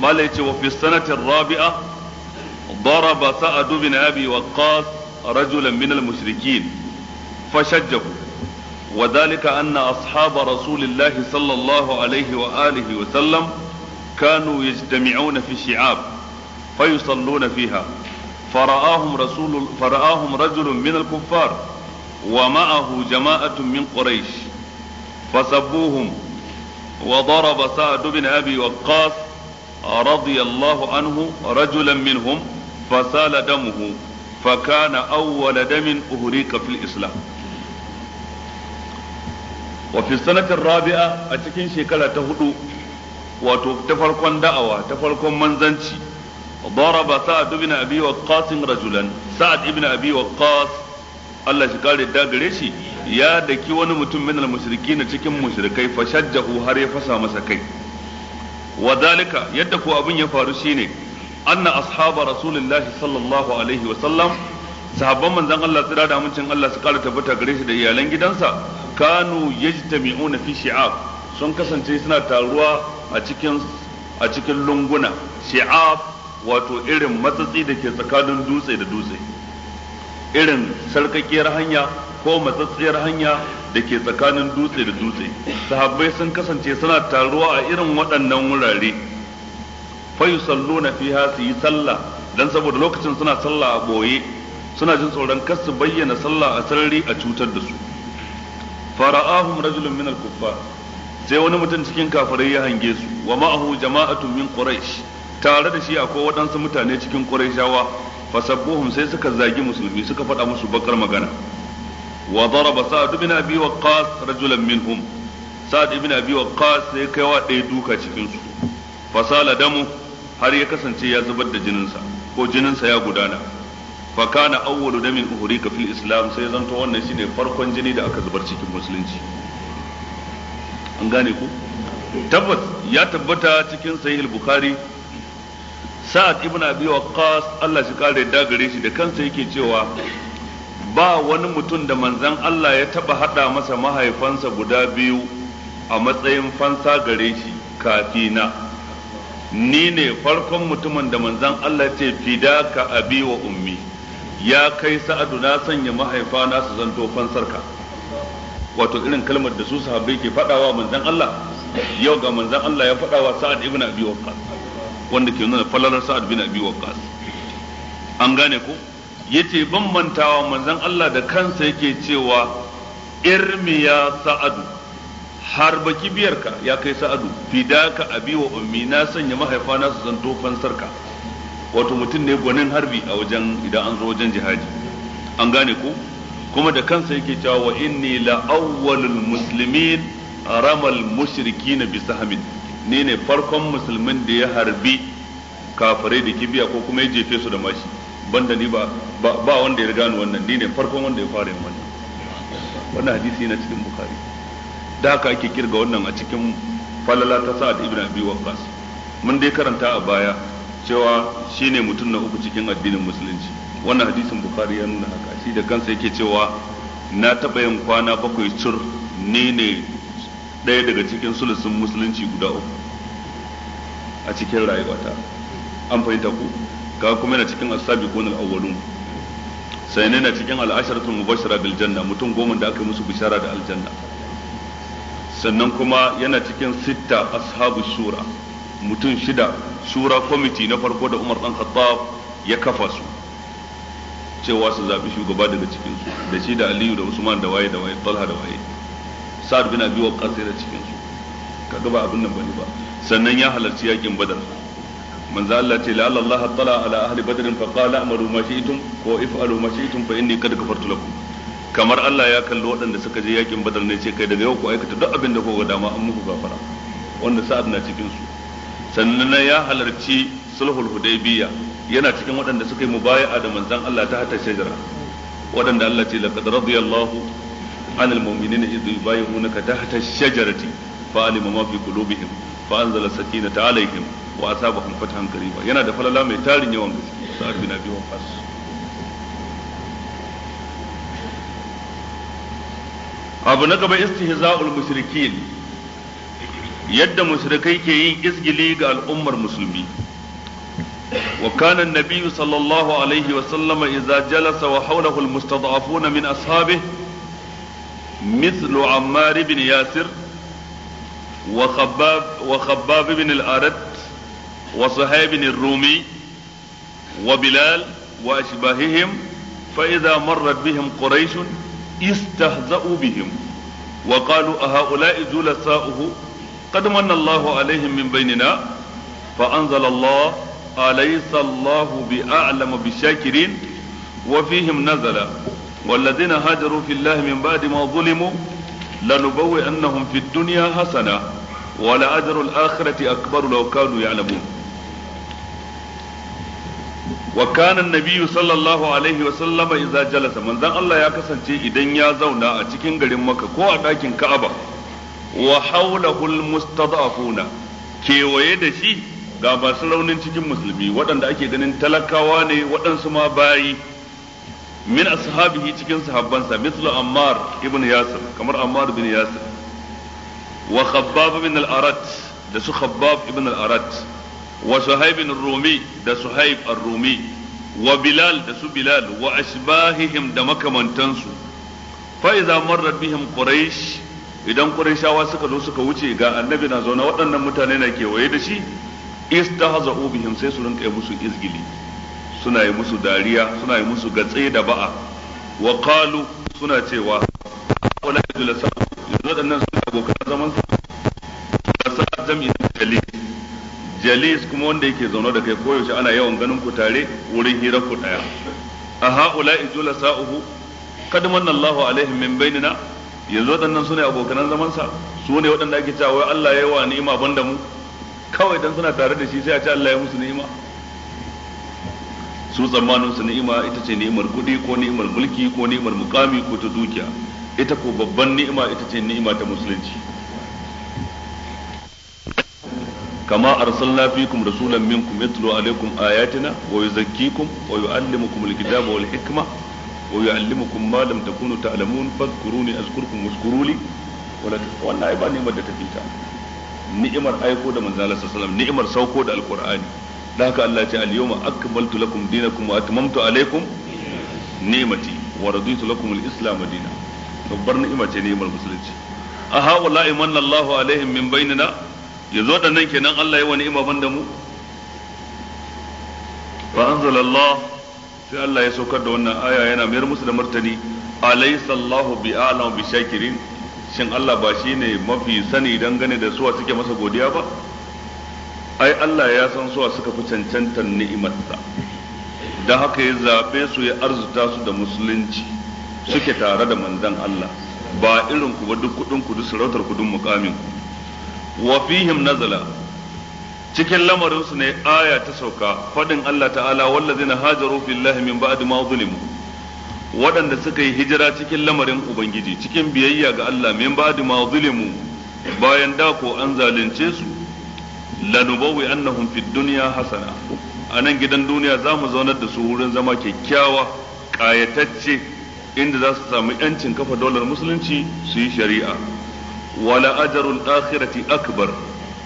malai ce wa rabi'a ضرب سعد بن ابي وقاص رجلا من المشركين فشجه وذلك ان اصحاب رسول الله صلى الله عليه واله وسلم كانوا يجتمعون في شعاب فيصلون فيها فرآهم رسول فرآهم رجل من الكفار ومعه جماعة من قريش فسبوهم وضرب سعد بن أبي وقاص رضي الله عنه رجلا منهم فسال دمه فكان أول دم أهريك في الإسلام وفي السنة الرابعة أتكين شكالة هدو وتفرقون دعوة تفرقون منزنشي ضرب سعد بن ابي وقاص رجلا سعد بن ابي وقاص Allah shi kare da gare shi ya daki wani mutum min al-mushrikin cikin mushrikai fashajjahu har ya fasa masa kai wa dalika yadda ko abin ya faru shine anna ashaba rasulullahi sallallahu alaihi wa sallam sahabban manzon Allah tsira da amincin Allah su kare tabbata gare shi da iyalan gidansa kanu yajtami'una fi shi'ab sun kasance suna taruwa a cikin a cikin lunguna shi'ab wato irin matsatsi da ke tsakanin dutse da dutse irin sarkakiyar hanya ko matsatsiyar hanya da ke tsakanin dutse da dutse sahabbai sun kasance suna taruwa a irin waɗannan wurare fayu sallo na fiha su yi sallah don saboda lokacin suna sallah a ɓoye suna jin tsoron kar bayyana sallah a sarari a cutar da su fara'ahum rajulun min al sai wani mutum cikin kafirai ya hange su wa ma'ahu jama'atu min quraish tare da shi akwai waɗansu mutane cikin qurayshawa fasabbuhum sai suka zagi musulmi suka faɗa musu bakar magana wa daraba sa'd ibn abi waqqas rajulan minhum sa'd ibn abi waqqas sai kai wa ɗaya duka cikin fasala damu har ya kasance ya zubar da jininsa ko jininsa ya gudana kana awwalu damin uhurika fil islam sai zanto wannan shine farkon jini da aka zubar cikin musulunci an gane ku tabbas ya tabbata cikin sahih bukhari sa'ad ibn abi waqqas Allah shi kare da gare shi da kansa yake cewa ba wani mutum da manzan Allah ya taba hada masa mahaifansa guda biyu a matsayin fansa gare shi kafina ni ne farkon mutumin da manzan Allah ce ka abi wa ummi ya kai sa'adu na sanya mahaifa na su zanto fansarka wato irin kalmar da su sahabbai ke fadawa manzan Allah yau ga manzan Allah ya fadawa sa'ad ibn abi waqqas wanda ke nuna falalar sa'ad bin abi waqqas an gane ko yace ban mantawa manzon Allah da kansa yake cewa irmiya sa'adu har baki biyarka ya kai sa'adu fidaka abi wa ummi na sanya mahaifana su zanto fansarka wato mutum ne gwanin harbi a wajen idan an zo wajen jihadi an gane ko kuma da kansa yake cewa wa inni la awwalul muslimin ramal mushrikin bi sahmin ni ne farkon musulmin da ya harbi kafirai da kibiya ko kuma ya jefe su da mashi banda ni ba ba wanda ya riga ni wannan ni ne farkon wanda ya fara yin wannan wannan hadisi yana cikin bukari da haka ake kirga wannan a cikin falala ta sa'ad ibn abi waqqas mun dai karanta a baya cewa shine mutum na uku cikin addinin musulunci wannan hadisin bukari ya nuna haka shi da kansa yake cewa na taɓa yin kwana bakwai cur ni ne ɗaya daga cikin sulusun musulunci guda uku a cikin rayuwata an fahimta ku ka kuma yana cikin asabi ko awwalun sai ne na cikin al'asharatul mubashara bil janna mutum goma da aka yi musu bishara da aljanna sannan kuma yana cikin sitta ashabu sura mutum shida sura kwamiti na farko da Umar dan Khattab ya kafa su cewa su zaɓi shugaba daga cikinsu da shi da Aliyu da Usman da waye da waye Talha da waye sa'ad bin abi waqqas da cikin su kaga ba abin nan bane ba sannan ya halarci yakin badar manzo Allah ce la Allah tala ala ahli badr fa qala amaru ma shi'tum ko if'alu ma shi'tum fa inni kad kafartu lakum kamar Allah ya kalli waɗanda suka je yakin badar ne ce kai daga yau ku aikata duk abin da ku ga dama an muku gafara wanda sa'ad na cikin su sannan ya halarci sulhul hudaybiya yana cikin waɗanda suka yi mubaya'a da manzon Allah ta hata shajara waɗanda Allah ce laqad radiyallahu alal mu'minina idh yubayyi'unaka tahta ash-shajarati fa alima ma fi qulubihim fa anzala sakinata alaihim wa asabahum fathan qariba yana da falala mai tarin yawan gaske sa'ad bin abi waqas abu na gaba istihza'ul yadda mushrikai ke yin izgili ga al'ummar musulmi وكان النبي صلى الله عليه وسلم إذا جلس وحوله المستضعفون من أصحابه مثل عمار بن ياسر وخباب وخباب بن الأرد وصهيب الرومي وبلال وأشباههم فإذا مرت بهم قريش استهزأوا بهم وقالوا أهؤلاء جلساؤه قد من الله عليهم من بيننا فأنزل الله أليس الله بأعلم بالشاكرين وفيهم نزل والذين هاجروا في الله من بعد ما ظلموا لنبوئنهم في الدنيا حسنة ولأجر الآخرة أكبر لو كانوا يعلمون وكان النبي صلى الله عليه وسلم إذا جلس من ذا الله يكسن إذن يا زونا أتكين قرم مكة كو أتاكين كعبة وحوله المستضعفون kewaye da shi ga masu raunin cikin musulmi waɗanda ake ganin talakawa ne waɗansu ma bayi min ashabihi cikin sahabbansa mithlu ammar ibn yasir kamar ammar ibn yasir wa khabbab ibn al-arat da su khabbab ibn al-arat wa suhaib rumi da suhaib ar-rumi wa bilal da su bilal wa ashbahihim da makamantansu fa idza marrat bihim quraish idan qurayshawa suka zo suka wuce ga annabi na zauna waɗannan mutane na kewaye da shi istahza'u bihim sai su rinka musu izgili suna yi musu dariya suna yi musu gatse da ba'a wa qalu suna cewa wala julasa yanzu dannan suna abokan zaman su sa jam'i jalis jalis kuma wanda yake zaune da kai koyaushe ana yawan ganin ku tare wurin hira ku daya a haula julasa uhu kad manna Allahu alaihim min bainina yanzu waɗannan su ne abokan zaman sa su ne waɗanda ake cewa Allah ya yi wa ni'ima banda mu kawai dan suna tare da shi sai a ce Allah ya musu ni'ima su tsammanin su ni'ima ita ce ni'imar kuɗi ko ni'imar mulki ko ni'imar mukami ko ta dukiya ita ko babban ni'ima ita ce ni'ima ta musulunci kama arsalna fikum rasulan minkum yatlu alaykum ayatina wa yuzakkikum wa yuallimukum alkitaba wal hikma wa yuallimukum ma lam takunu ta'lamun fadhkuruni azkurkum washkuruli wala wannan ba ni'imar da ta fita ni'imar aiko da manzalar sallallahu alaihi wasallam ni'imar sauko da alqur'ani da haka Allah ce al-yawma akmaltu lakum dinakum wa atmamtu alaykum ni'mati wa raditu lakum al-islam dina babbar ni'ima ce ni'imar musulunci aha wallahi manna Allahu alaihim min bainina yazo da nan kenan Allah ya wani ni'ima banda mu fa anzala Allah sai Allah ya saukar da wannan aya yana mayar musu da martani alaysa Allahu bi'alam bi shakirin shin Allah ba shine mafi sani dangane da suwa suke masa godiya ba ai Allah ya san suwa suka fi cancantar ni'imarsa da haka ya zaɓe su ya arzuta su da musulunci suke tare da manzan Allah ba irin ku ba duk kudin ku duk sarautar ku duk mukamin ku wa fihim nazala cikin lamarin su ne aya ta sauka fadin Allah ta'ala wallazina hajaru fillahi min ba'di ma zulimu waɗanda suka yi hijira cikin lamarin ubangiji cikin biyayya ga Allah min ba'di ma zulimu bayan da ko an zalunce su lanubawi annahum fid dunya hasana a nan gidan duniya za mu zaunar da su wurin zama kyakkyawa kayatacce inda za su samu yancin kafa dolar musulunci su yi shari'a wala ajarul akhirati akbar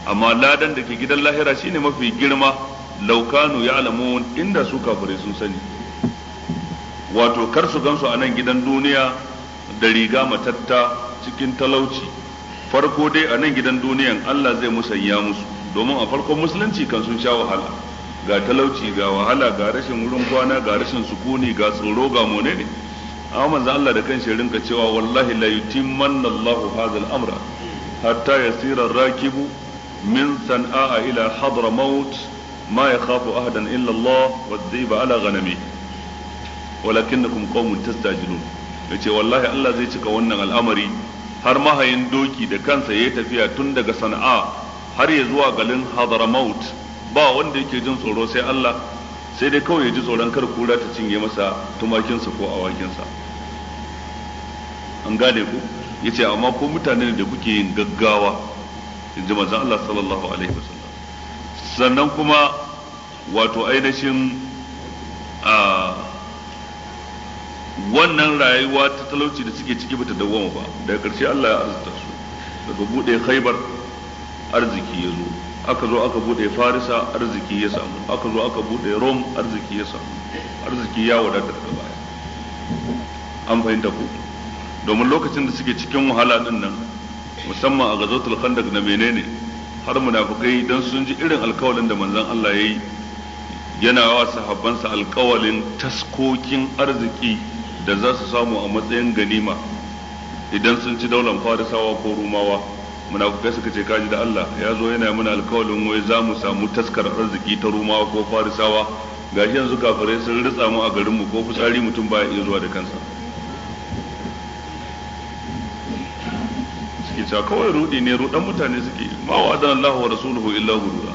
amma ladan da ke gidan lahira shine mafi girma laukanu ya inda su kafirai sun sani wato kar su gansu a nan gidan duniya da riga matatta cikin talauci farko dai a nan gidan duniyan Allah zai musanya musu domin a farkon musulunci kan sun sha wahala ga talauci ga wahala ga rashin wurin kwana ga rashin sukuni ga tsoro ga mone ne amma Allah da kanshi rinka cewa wallahi la yutimmanna Allahu hadha al-amra hatta yasira ar-rakibu min san'a ila hadramaut ma yakhafu ahadan illa Allah wadhiba ala ghanami walakinnakum qaumun tastajilun yace wallahi Allah zai cika wannan al'amari har mahayin doki da kansa yayi tafiya tun daga sana'a har ya zuwa galin hadramaut ba wanda yake jin tsoro sai Allah sai dai kawai ya ji tsoron kar kura ta cinye masa tumakinsa ko awakinsa an gane ku yace amma ko mutane ne da kuke yin gaggawa in ji manzon Allah sallallahu alaihi wasallam sannan kuma wato ainihin a wannan rayuwa ta talauci da suke ciki bata dawoma ba daga ƙarshe Allah ya arzuta su daga bude khaibar arziki ya zo aka zo aka bude farisa arziki ya samu aka zo aka bude rom arziki ya samu arziki ya wadata daga baya an fahimta ku domin lokacin da suke cikin wahala din nan musamman a gazotul khandak na menene har munafikai dan sun ji irin alkawalin da manzon Allah yayi yana wa sahabbansa alkawalin taskokin arziki da za su samu a matsayin ganima idan sun ci daular farisawa ko rumawa munafukai suka ce kaji da Allah ya zo yana mana alkawalin wai za mu samu taskar arziki ta rumawa ko farisawa shi yanzu kafirai sun ritsa mu a garinmu ko fitsari mutum baya iya zuwa da kansa suke cewa kawai rudi ne rudan mutane suke ma adana Allah wa rasuluhu illa gurura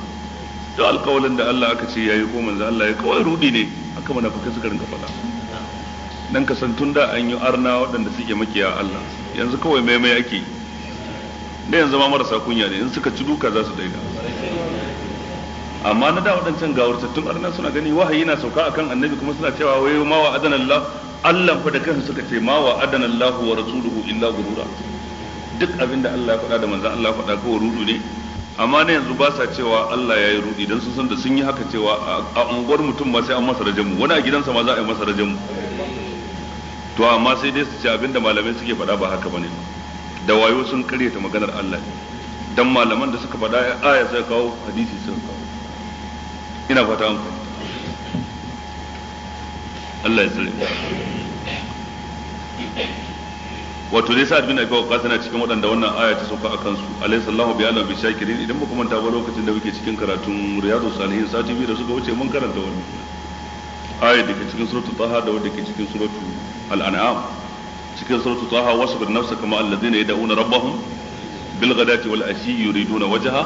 duk alkawalin da Allah aka ce yayi ko manzo Allah ya kawai rudi ne haka munafukai suka rinka faɗa dan ka san tun da an yi arna waɗanda suke makiya Allah yanzu kawai maimai ake yi da yanzu ma marasa kunya ne in suka ci duka za su daina amma na da waɗancan gawartattun arna suna gani wahayi na sauka akan annabi kuma suna cewa wai ma wa adana Allah Allah fa da kansu suka ce ma wa adana Allah wa rasuluhu illa gurura duk abin da Allah ya faɗa da manzon Allah faɗa ko rudu ne amma na yanzu ba sa cewa Allah ya yi rudi dan sun san da sun yi haka cewa a unguwar mutum ma sai an masa mu wani a gidansa ma za a yi masa mu. to amma sai dai su ce abinda malamai suke faɗa ba haka bane ne. da wayo sun karyata maganar Allah dan malaman da suka faɗa aya sai kawo hadisi sun kawo ina fata an fahimta Allah ya tsare wato dai sa'ad bin abi waqqas yana cikin waɗanda wannan aya ta sauka akan su alayhi sallahu bi alam bi shakirin idan ba manta ba lokacin da muke cikin karatun riyadu salihin sati biyu da suka wuce mun karanta wannan aya da ke cikin suratul taha da wadda ke cikin suratul al-an'am cikin suratul taha wasbir nafsaka ma allazina yad'una rabbahum bil ghadati wal ashi yuriduna wajha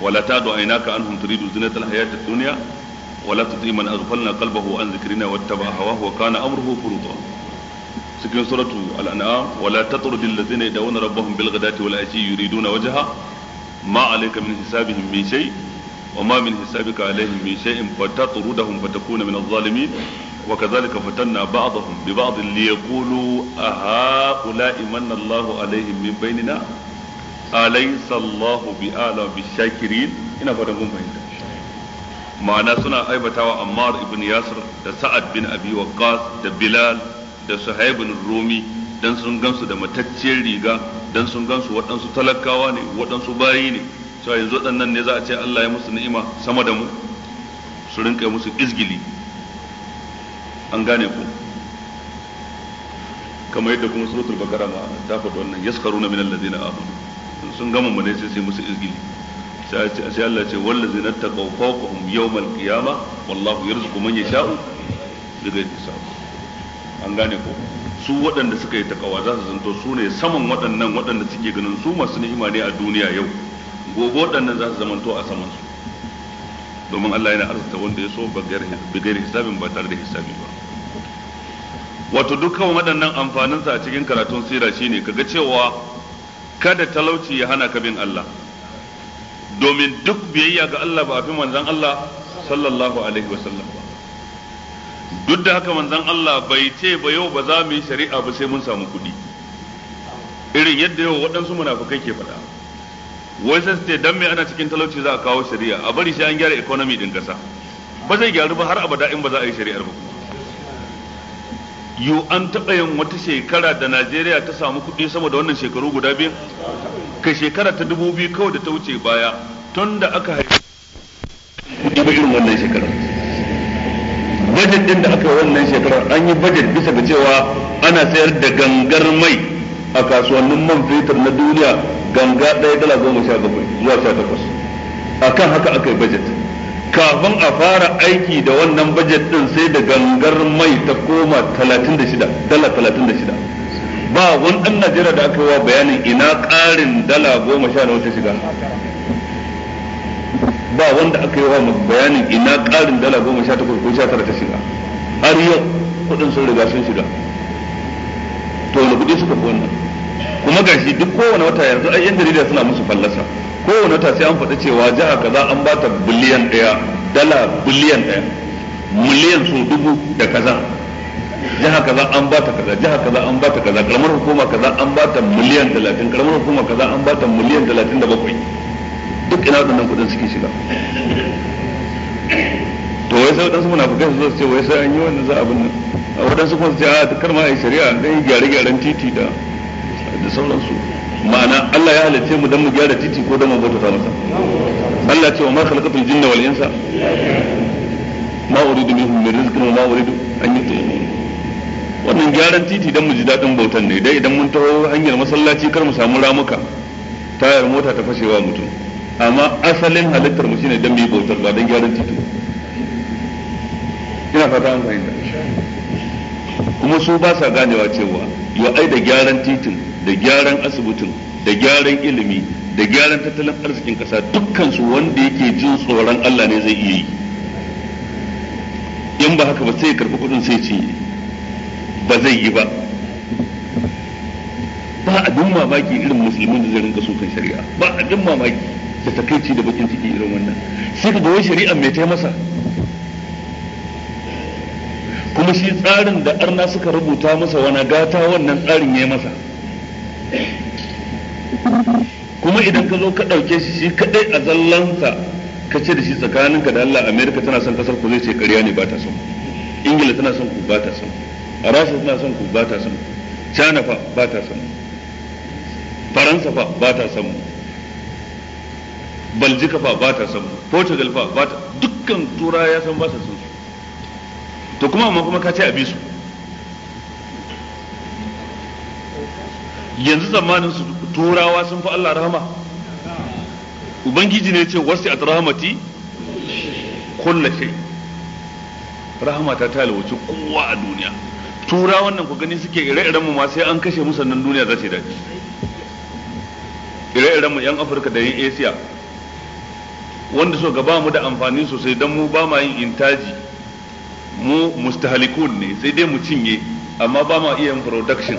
wala tadu aynaka anhum turidu zinatal hayati dunya wala tuti man aghfalna qalbahu an dhikrina wattaba hawahu wa kana amruhu furuta cikin suratu al-an'am wala tatrud allazina yad'una rabbahum bil ghadati wal ashi yuriduna wajha ma alayka min hisabihim min shay' وما من حسابك عليهم من شيء فتطردهم فتكون من الظالمين وكذلك فتنا بعضهم ببعض ليقولوا أهؤلاء من الله عليهم من بيننا أليس الله بأعلم بالشاكرين إن فتنكم فهمت ma'ana suna aibatawa Ammar ibn Yasir da Sa'ad bin Abi Waqqas da Bilal da Suhaib Rumi dan sun gansu da matacciyar riga dan sun gansu waɗansu talakawa ne waɗansu bayi ne cewa yanzu waɗannan ne za a ce Allah ya musu ni'ima sama da mu su rinka musu izgili an gane ku kamar yadda kuma suratul bakara ma ta faɗi wannan yaskharuna minal ladina amanu sun gama mu ne sai musu izgili sai Allah ce wallazina taqaw fawqahum yawmal qiyamah wallahu yarzuqu man yasha'u daga hisab an gane ko su waɗanda suka yi takawa za su zanto su ne saman waɗannan waɗanda suke ganin su masu ni'ima ne a duniya yau gobe waɗannan za su zamanto a saman su domin Allah yana arzuta wanda ya so bigar hisabin ba tare da hisabi ba wato dukkan waɗannan amfaninsa a cikin karatun sira shine kaga cewa kada talauci ya hana ka bin Allah domin duk biyayya ga Allah ba a fi manzon Allah sallallahu alaihi wa ba duk da haka manzon Allah bai ce ba yau ba za mu yi shari'a ba sai mun samu kuɗi irin yadda yau waɗansu munafukai ke faɗa wai sai su ce dan me ana cikin talauci za a kawo shari'a a bari sai an gyara economy din kasa ba zai gyaru ba har abada in ba za a yi shari'ar ba yau an taɓa yin wata shekara da Najeriya ta samu kuɗi sama da wannan shekaru guda biyu ka shekara ta dubu biyu kawai da ta wuce baya tun da aka haifi kuɗi ba irin wannan shekara bajet din da aka yi wannan shekara an yi bajet bisa ga cewa ana sayar da gangar mai a kasuwannin man fetur na duniya ganga ɗaya dala goma sha bakwai zuwa sha takwas A kan haka aka yi budget kafin a fara aiki da wannan budget ɗin sai da gangar mai ta koma talatin da shida, dala talatin da shida. ba wani ɗan Najeriya da aka yi wa bayanin ina ƙarin dala goma sha na wata shiga ba wanda aka yi wa bayanin ina ƙarin dala goma sha takwas ko sha tara ta shiga har yau kuɗin sun riga sun shiga to wani kuɗi suka fi wannan kuma gashi duk kowane wata yanzu ai yan jarida suna musu fallasa kowane wata sai an faɗi cewa jiha kaza an ba ta biliyan ɗaya dala biliyan ɗaya miliyan su dubu da kaza jiha kaza an ba ta kaza jiha kaza an ba ta kaza karamar hukuma kaza an ba ta miliyan talatin karamar hukuma kaza an ba ta miliyan talatin da bakwai duk ina waɗannan kuɗin suke shiga to wai sai waɗansu munafukai su zo su ce wai sai an yi wannan za abin nan waɗansu kuma su ce a ah, kar ma a yi shari'a dai gyare-gyaren titi da da sauransu ma'ana Allah ya halitta mu dan mu gyara titi ko dan mu bauta masa Allah ce wa ma khalaqatul jinna wal insa ma uridu minhum min rizqin wa ma uridu an yut'imun wannan gyaran titi dan mu ji dadin bautan ne dai idan mun taho hanyar masallaci kar mu samu ramuka tayar mota ta fashewa mutum amma asalin halittar mu shine dan mu yi bautar ba dan gyaran titi ina fata an fahimta kuma su ba sa ganewa cewa yo ai da gyaran titin da gyaran asibitin da gyaran ilimi da gyaran tattalin arzikin kasa dukkan su wanda yake jin tsoron Allah ne zai iya yi in ba haka ba sai ya karɓi kuɗin sai ce ba zai yi ba ba abin mamaki irin musulmin da zai rinka sukan shari'a ba abin mamaki da takaici da bakin ciki irin wannan sai ka ga wai shari'a mai taimasa masa kuma shi tsarin da arna suka rubuta masa wani gata wannan tsarin ya masa kuma idan ka zo ka ɗauke shi shi kaɗai a zallansa ka ce da shi tsakaninka da Allah Amerika tana son kasar ku zai ce ƙarya ne ba ta son Ingila tana son ku ba ta son Rasha tana son ku ba ta son China fa ba ta son Faransa fa ba ta son Baljika fa ba ta son Portugal fa ba ta dukkan tura ya san ba ta son to kuma amma kuma ka ce a bisu. su yanzu zamanin su turawa sun fi Allah rahama ubangiji ne ce wasu a rahamati kulla shai rahamata ta wuce kowa a duniya tura wannan ku gani suke ire-iren mu ma sai an kashe mu nan duniya za ta shi. ire-iren mu yan afirka da yan asiya wanda so gaba mu da amfani sosai don mu ba ma yin intaji mu mustahalikun ne sai dai mu cinye amma ba ma iya yin production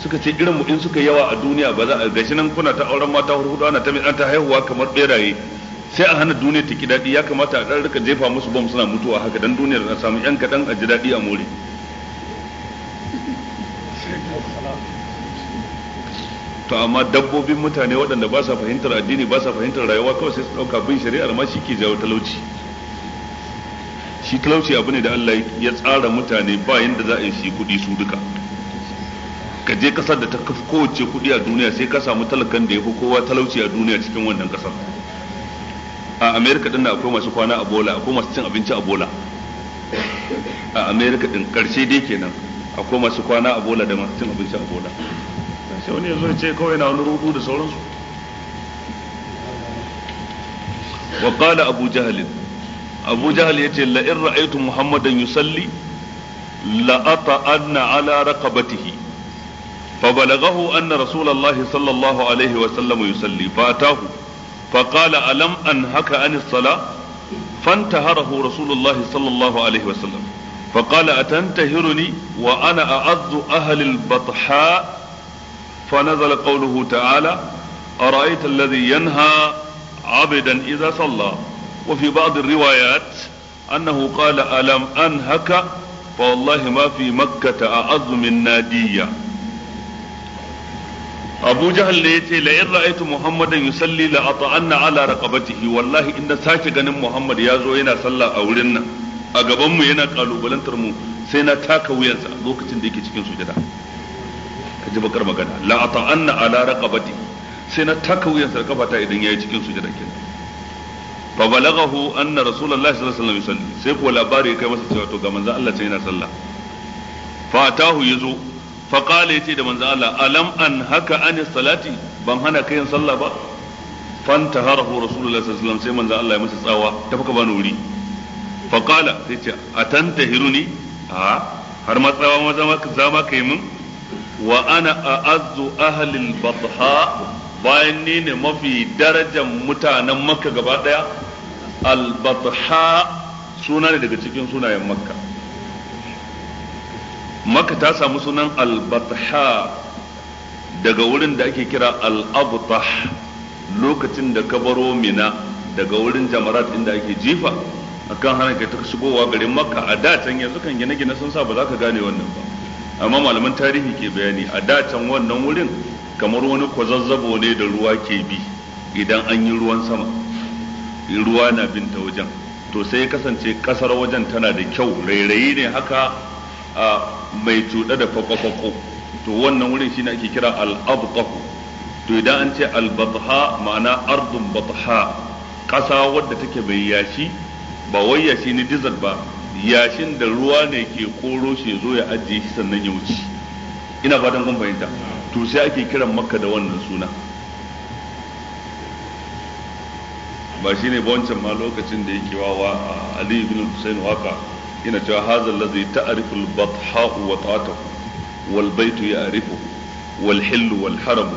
suka ce irin mu in suka yawa a duniya ba za a gashi nan kuna ta auren mata hudu ana ta ta haihuwa kamar beraye sai a hana duniya ta ki daɗi ya kamata a ɗan rika jefa musu bom suna mutuwa haka dan duniyar a samu yan kaɗan a ji daɗi a more to amma dabbobin mutane waɗanda ba sa fahimtar addini ba sa fahimtar rayuwa kawai sai su ɗauka bin shari'ar ma shi ke jawo talauci shi talauci abu ne da Allah ya tsara mutane ba yadda za a yi shi kuɗi su duka ka je kasar da ta kafi kowace kuɗi a duniya sai ka samu talakan da ya fi kowa talauci a duniya cikin wannan kasar a amerika din akwai masu kwana a bola akwai masu cin abinci a bola a amerika din karshe dai kenan akwai masu kwana a bola da masu cin abinci a bola sai wani yanzu ce kawai na wani rudu da sauransu wa qala abu jahalin abu jahal yace la in ra'aitu muhammadan yusalli la ata'anna ala raqabatihi fa balagahu anna rasulullahi sallallahu alaihi wa sallam yusalli fa atahu fa qala alam anhaka anis sala fantaharahu a sallallahu alaihi wa sallam فقال أتنتهرني وأنا أعز أهل البطحاء فنزل قوله تعالى أرأيت الذي ينهى عبدا إذا صلى وفي بعض الروايات أنه قال ألم أنهك فوالله ما في مكة أعظ من نادية أبو جهل يتي لئن رأيت محمدا يصلي لأطعن على رقبته والله إن ساكي ganin محمد يازو ينا صلى أولنا أقبم ينا قالوا بلنتر مو سينا تاكا وينسى لوكتين ديكي cikin sujada ka ji bakar magana la ata'anna ala raqabati sai na taka wuyan sarkafa ta idan yayi cikin sujada kenan fa balagahu, anna rasulullahi sallallahu alaihi wasallam sai ko labari kai masa cewa to ga manzon Allah ce yana sallah fa atahu yazo fa qala yace da manzon Allah alam an haka an salati ban hana kai yin sallah ba fantaharahu rasulullahi sallallahu alaihi wasallam sai manzon Allah ya masa tsawa ta fuka bani wuri fa qala sai ce atantahiruni a har ma tsawa ma za ma kai min? wa ana a'azzu ahli al-batha bayan ni ne mafi darajar mutanen makka gaba daya al suna ne daga cikin sunayen makka makka ta samu sunan al daga wurin da ake kira al-abtah lokacin da ka mina daga wurin jamarat inda ake jifa akan hana kai ta shigowa garin makka a da can yanzu kan gine-gine sun sa ba za ka gane wannan ba amma malaman tarihi ke bayani a da can wannan wurin kamar wani kwazazzabo ne da ruwa ke bi idan an yi ruwan sama ruwa na bin ta wajen to sai ya kasance kasar wajen tana da kyau rairayi ne haka mai cuɗa da fako to wannan wurin shine ake kira al to idan an ce al ma'ana ardun batha ƙasa wadda take bai yashi ba wai yashi ni dizal ba yashin da ruwa ne ke koro shi zo ya ajiye shi sannan ya wuce ina fatan kun fahimta to sai ake kiran makka da wannan suna ba shi ne wancan ma lokacin da yake wa wa Ali ibn Husayn waka ina cewa hazal ladhi ta'rifu al-batha wa ta'atuhu wal baytu wal hillu wal haram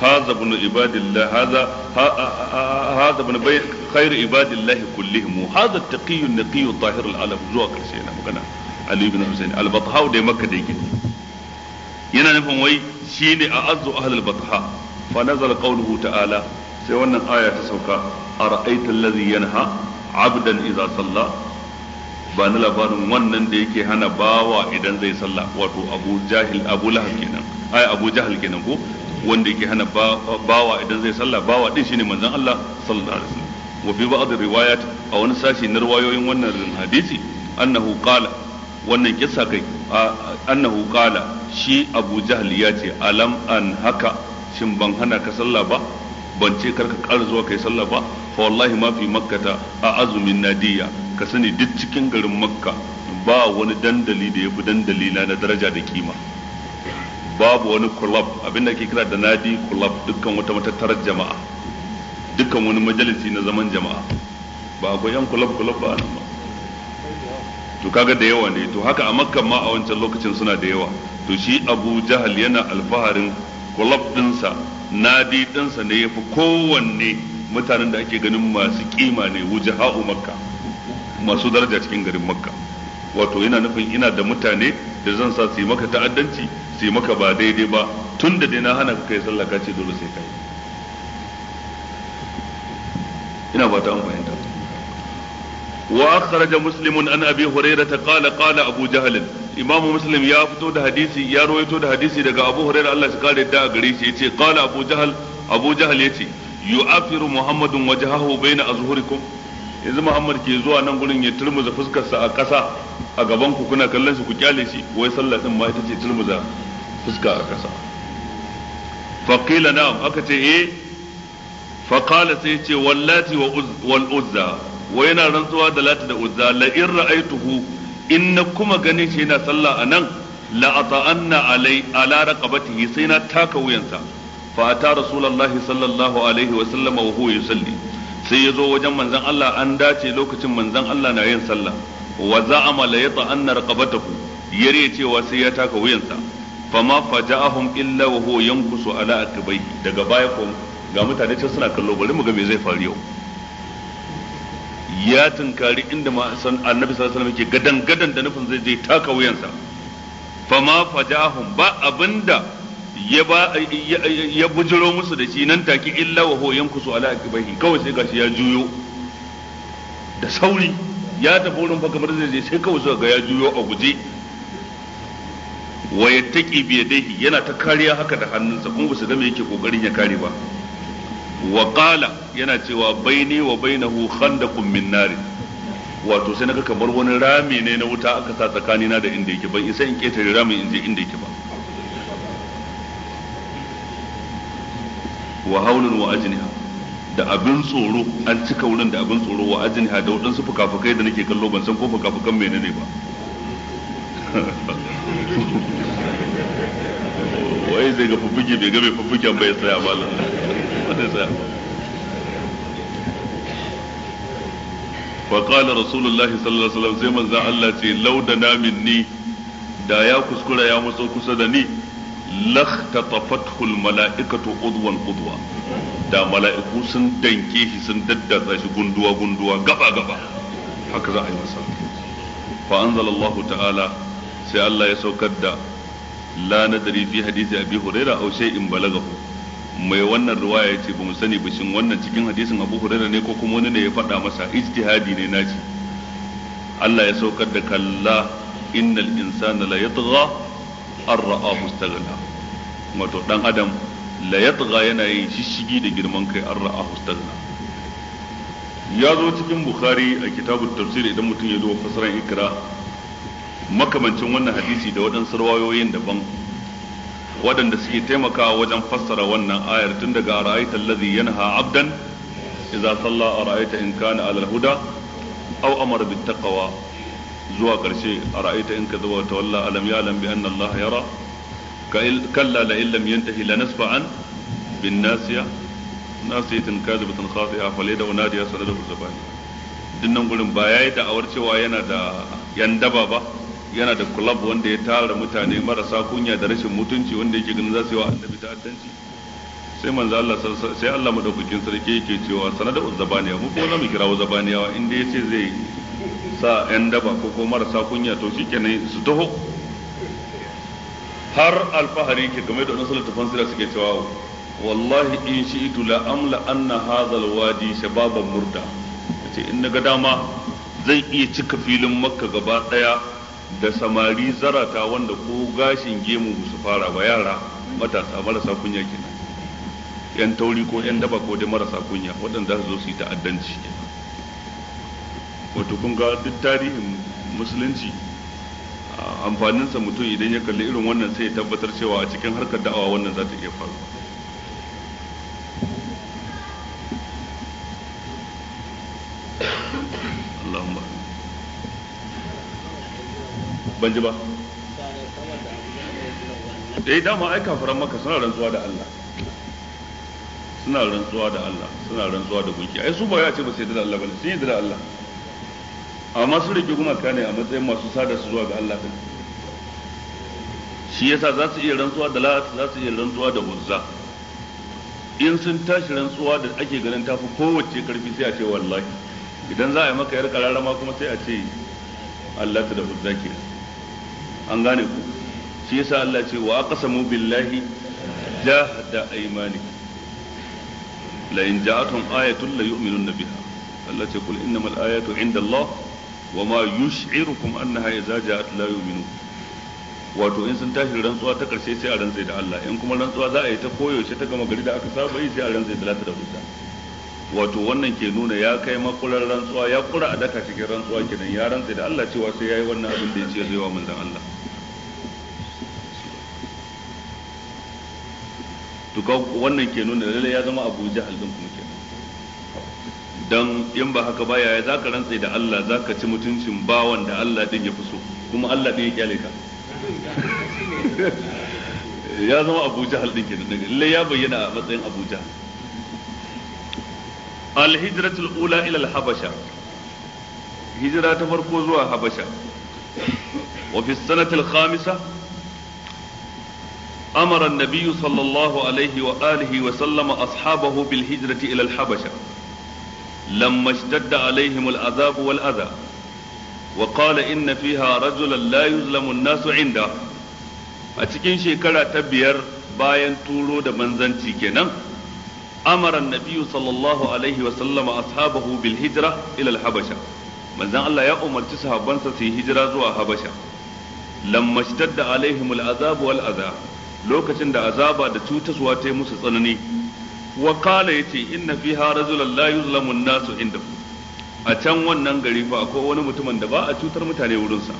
hadha ibn ibadillah hadha hadha ibn bayt khayr ibadillah kullihim hadha at-taqiy an-naqiy at-tahir alam zuwa karshe na magana Ali ibn Husayn al-batha da makka da yake yana nufin wai shine a azzu ahlul batha fa nazala qawluhu ta'ala sai wannan aya ta sauka ara'aita allazi yanha abdan idza salla ba na labarin wannan da yake hana bawa idan zai sallah wato abu jahil abu lahab kenan ai abu jahil kenan ko wanda yake hana bawa idan zai sallah bawa din shine manzon Allah sallallahu alaihi wasallam wa fi ba'd riwayat a wani sashi na riwayoyin wannan hadisi annahu qala wannan kissa kai annahu qala shi abu jahil ya ce alam an haka shin ban hana ka sallah ba ban ce karka ƙara zuwa kai sallah ba fa wallahi ma fi makkata a azumin nadiya ka sani duk cikin garin makka ba wani dandali da ya fi dandali na na daraja da kima babu wani kulab abin da ke kira da nadi kulab dukkan wata matattarar jama'a dukkan wani majalisi na zaman jama'a ba akwai yan kulab kulab ba nan ba to kaga da yawa ne to haka a makka ma a wancan lokacin suna da yawa to shi abu jahal yana alfaharin club dinsa nadi dinsa ne yafi kowanne mutanen da ake ganin masu kima ne ha'u makka masu daraja cikin garin makka wato yana nufin ina da mutane da zan sa su yi maka ta'addanci su yi maka ba daidai ba tun da dai na hana ka kai sallah ka ce dole sai kai ina ba ta an fahimta wa akhraja muslimun an abi hurairah qala qala abu jahlin imamu muslim ya fito da hadisi ya rawaito da hadisi daga abu hurairah Allah shi kare da gare shi yace qala abu jahal abu jahal yace yu'afiru muhammadun wajhahu baina azhurikum yanzu muhammad ke zuwa nan gurin ya turmuza fuskarsa a ƙasa a gaban ku kuna kallon shi ku kyale shi wai sallah din ma ita ce turmuza fuska a ƙasa faqila na'am aka ce eh faqala sai ce wallati wa wal uzza wai yana rantsuwa da lati da uzza la in ra'aituhu in na kuma ganin shi yana sallah a nan la ata'anna alai ala raqabatihi sai na taka wuyansa fa ata rasulullahi sallallahu alaihi wa sallam wa huwa yusalli sai ya zo wajen manzon Allah an dace lokacin manzon Allah na yin sallah wa za'ama la yata'anna raqabatahu yare cewa sai ya taka wuyansa fama faja'ahum illa wa huwa yankusu ala akbaihi daga baya ko ga mutane can suna kallo bari mu ga me zai faru yau ya tunkari inda annabi sallallahu alaihi yake gadan gadan da nufin zai je taka wuyansa fama fajahum ba abinda ya ba ya bujiro musu da shi nan take illa wa hoyan kusu ala akibahi kawai sai gashi ya juyo da sauri ya tafi wurin fa kamar zai je sai kawai ga ya juyo a guje wa yattaqi bi yadihi yana ta kariya haka da hannunsa kuma ba su ga me yake kokarin ya kare ba wa qala yana cewa ne wa bainahu khandaqun min wato sai naga kamar wani rami ne na wuta aka sa tsakani na da inda yake ban isa in ketare rami in je inda yake ba wa haulun wa ajniha da abin tsoro an cika wurin da abin tsoro wa ajniha da waɗansu fukafukai da nake kallo ban san ko fukafukan menene ba wai zai ga fuffuke bai ga mai fuffuken bai tsaya ba what is that فقال رسول الله صلى الله عليه وسلم زي من الله ce laudana minni da ya kuskura ya matso kusa da ni lakhtatafathu almala'ikatu udwan udwa da mala'iku sun danke shi sun daddatsa shi gunduwa gunduwa gaba gaba haka za a yi masa fa anzalallahu ta'ala sai Allah ya saukar da la nadri fi hadisi abi hurairah aw shay'in balagahu mai wannan ruwaya ya ce ba mu sani ba shin wannan cikin hadisin abu hurairah ne ko kuma wani ne ya faɗa masa ijtihadi ne naci Allah ya saukar da kalla innal insana la yatgha ar ra'a istaghna wato dan adam la yatgha yana yin shishigi da girman kai ar ra'a istaghna ya zo cikin bukhari a kitabu tafsir idan mutum ya duba fasaran ikra makamancin wannan hadisi da waɗansu rawayoyin daban waɗanda suke taimakawa wajen fassara wannan ayar tun daga ra'ayta allazi yanha abdan idza salla ra'ayta in kana alal huda aw amara bit taqwa zuwa ƙarshe ra'ayta in kadhaba wa tawalla alam ya'lam bi anna allaha yara kalla la in lam yantahi lanasfa'an bin nasiya nasiyatin kadhibatan khati'a falyad'u nadiya sanadahu zabani dinnan gurin ba yayi da'awar cewa yana da yan daba ba yana da club wanda ya tara mutane marasa kunya da rashin mutunci wanda yake ganin za su yi wa annabi ta'addanci sai manzo Allah sai Allah madaukakin sarki yake cewa sanada uzzabaniya mu ko mu mu kirawo zabaniyawa inda yace zai sa yan daba ko ko marasa kunya to shikenan su taho har alfahari ke game da nasalar tafan sira suke cewa wallahi in shi'itu la amla anna hadha alwadi shababan murda yace in naga dama zan iya cika filin makka gaba daya da samari zarata wanda ko gashin gemu su fara ba yara matasa marasa kunya kenan yan tauri ko yan daba ko dai marasa kunya waɗanda su zo su yi ta'addanci wato kun ga duk tarihin musulunci amfaninsa mutum idan ya kalli irin wannan sai ya tabbatar cewa a cikin harkar da'awa wannan za ta iya faruwa ban ji ba eh dama ai kafiran maka suna rantsuwa da Allah suna rantsuwa da Allah suna rantsuwa da gunki ai su ba ya ce ba sai da Allah bane sun yi da Allah amma sun rike ka ne a matsayin masu sada su zuwa ga Allah din shi yasa za su iya rantsuwa da Lat za su iya rantsuwa da Uzza in sun tashi rantsuwa da ake ganin tafi kowace karfi sai a ce wallahi idan za a yi maka yar kararrama kuma sai a ce Allah ta da Uzza kenan an gane ku shi yasa Allah ce wa aqsamu billahi jahda aymani la in ja'atuhum ayatun la yu'minun biha Allah ce kul innamal ayatu 'inda Allah wa ma yush'irukum annaha idza ja'at la yu'minun wato in sun tashi rantsuwa ta karshe sai a rantsai da Allah in kuma rantsuwa za a yi ta koyaushe ta gama gari da aka saba yi sai a rantsai da lata da wuta wato wannan ke nuna ya kai makular rantsuwa ya kura a daka cikin rantsuwa kenan ya rantsa da Allah cewa sai yayi wannan abin da ya ce zai wa manzon Allah to wannan ke nuna lalle ya zama Abu Jahal din kuma kenan dan in ba haka ba yaya zaka rantsa da Allah zaka ci mutuncin bawan da Allah din ya fi so kuma Allah din ya kyale ka ya zama Abu Jahal din kenan lalle ya bayyana a matsayin Abu Jahal alhijratul ula ila alhabasha hijira ta farko zuwa habasha wa fi sanati alkhamisa amara an sallallahu alaihi wa alihi wa sallama ashabahu bil ilal-habasha. alhabasha لما اشتد عليهم العذاب والأذى وقال إن فيها رجلا لا يظلم الناس عنده a cikin shekara ta biyar bayan turo da manzanci kenan amara annabi sallallahu alaihi wa sallama ashabahu bil hijra ila al habasha manzon Allah ya umarci sahabbansa su yi hijira zuwa habasha lamma shtadda alaihim al azab wal adha lokacin da azaba da cutaswa ta yi musu tsanani wa qala yace inna fiha rajulan la yuzlamu an-nasu indahu a can wannan gari fa akwai wani mutumin da ba a cutar mutane wurin wurinsa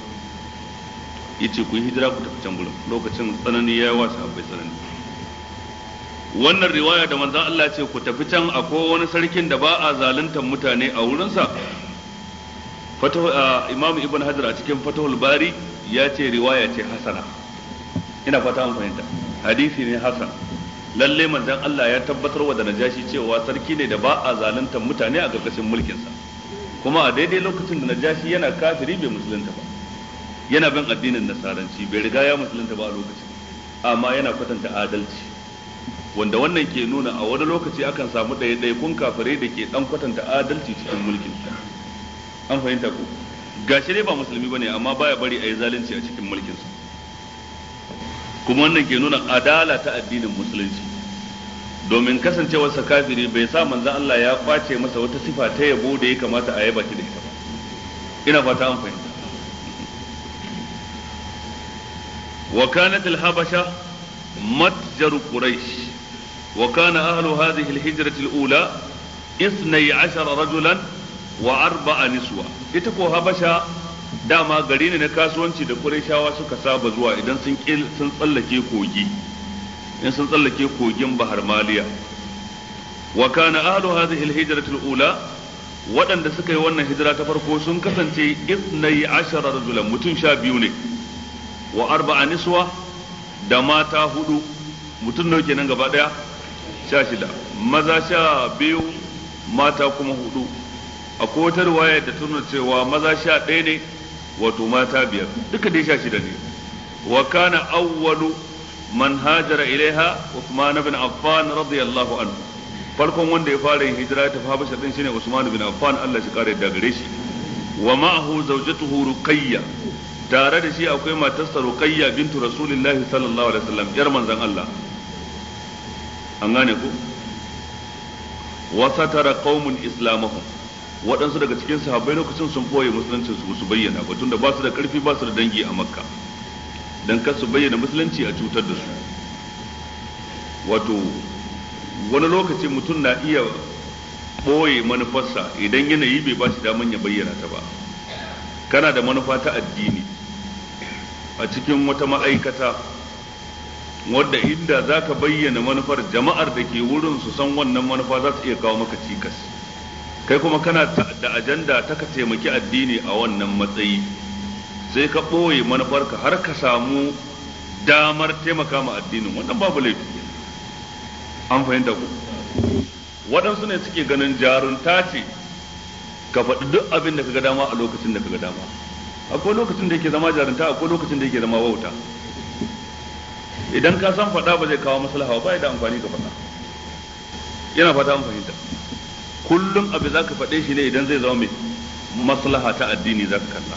yace ku hijira ku tafi can gurin lokacin tsanani ya yi wa sahabbai tsanani wannan riwaya da manzan Allah ce ku tafi can ko wani sarkin da ba a zaluntar mutane a wurinsa imamu ibn hajar a cikin fatahul bari ya ce riwaya ce hasana ina fata an fahimta hadisi ne hasan lalle manzan Allah ya tabbatar wa da najashi cewa sarki ne da ba a zaluntar mutane a ƙarƙashin mulkinsa kuma a daidai lokacin da najashi yana kafiri bai musulunta ba yana bin addinin nasaranci bai riga ya musulunta ba a lokacin amma yana kwatanta adalci wanda wannan ke nuna a wani lokaci akan samu ɗaya kun kafirai da ke ɗan kwatanta adalci cikin mulkin an fahimta ko gashi dai ba musulmi bane amma baya bari a yi zalunci a cikin mulkin su. kuma wannan ke nuna adala ta addinin musulunci domin kasancewarsa kafiri bai sa manzon Allah ya kwace masa wata sifa ta yabo da ya kamata a yaba baki da ita ba ina fata an fahimta wa kanat al-habasha matjar quraish وكان أهل هذه الهجرة الأولى اثني عشر رجلا وأربع نسوة يتكو هبشا داما غرين نكاسوانشي دا قريشاوا سكا سابا زوا إذن سنكيل سنصلكي كوجي إن سنصلكي كوجي بحر ماليا وكان أهل هذه الهجرة الأولى waɗanda suka yi wannan hijira ta farko sun kasance isnai ashara rajulan mutum sha biyu ne wa arba'a niswa da mata hudu mutum nau kenan gaba daya sha shida maza sha biyu mata kuma hudu a kotar waye da tuna cewa maza sha ɗaya ne wato mata biyar duka dai sha shida ne wa kana awwalu man hajara ilaiha usman ibn Affan radiyallahu anhu farkon wanda ya fara yin hijira ta Habasha din shine Usman bin Affan Allah shi kare da gare shi wa ma'ahu zawjatuhu Ruqayya tare da shi akwai matarsa Ruqayya bintu Rasulillah sallallahu alaihi wasallam yar manzon Allah an gane ku wasa tara qaumun islamahum waɗansu daga cikin sahabbai lokacin sun boye musulunci su su bayyana ba tunda ba su da karfi ba su da dangi a makka dan kar su bayyana musulunci a cutar da su wato wani lokaci mutum na iya ɓoye manufarsa idan yanayi bai ba shi daman ya bayyana ta ba kana da manufa ta addini a cikin wata ma'aikata Wanda inda za ka bayyana manufar jama'ar da ke wurin su san wannan manufa za su iya kawo maka cikas kai kuma kana da ajanda ta ka taimaki addini a wannan matsayi sai ka ɓoye manufarka har ka samu damar taimaka ma addinin wannan babu laifi an fahimta ku waɗansu ne suke ganin jarun tace ka faɗi duk abin da ka ga dama a lokacin da ka ga dama akwai lokacin da yake zama jarunta akwai lokacin da yake zama wauta idan ka san faɗa ba zai kawo maslaha ba da amfani ka faɗa yana fata an fahimta kullum abu za ka faɗe shi ne idan zai zama mai maslaha ta addini za ka kalla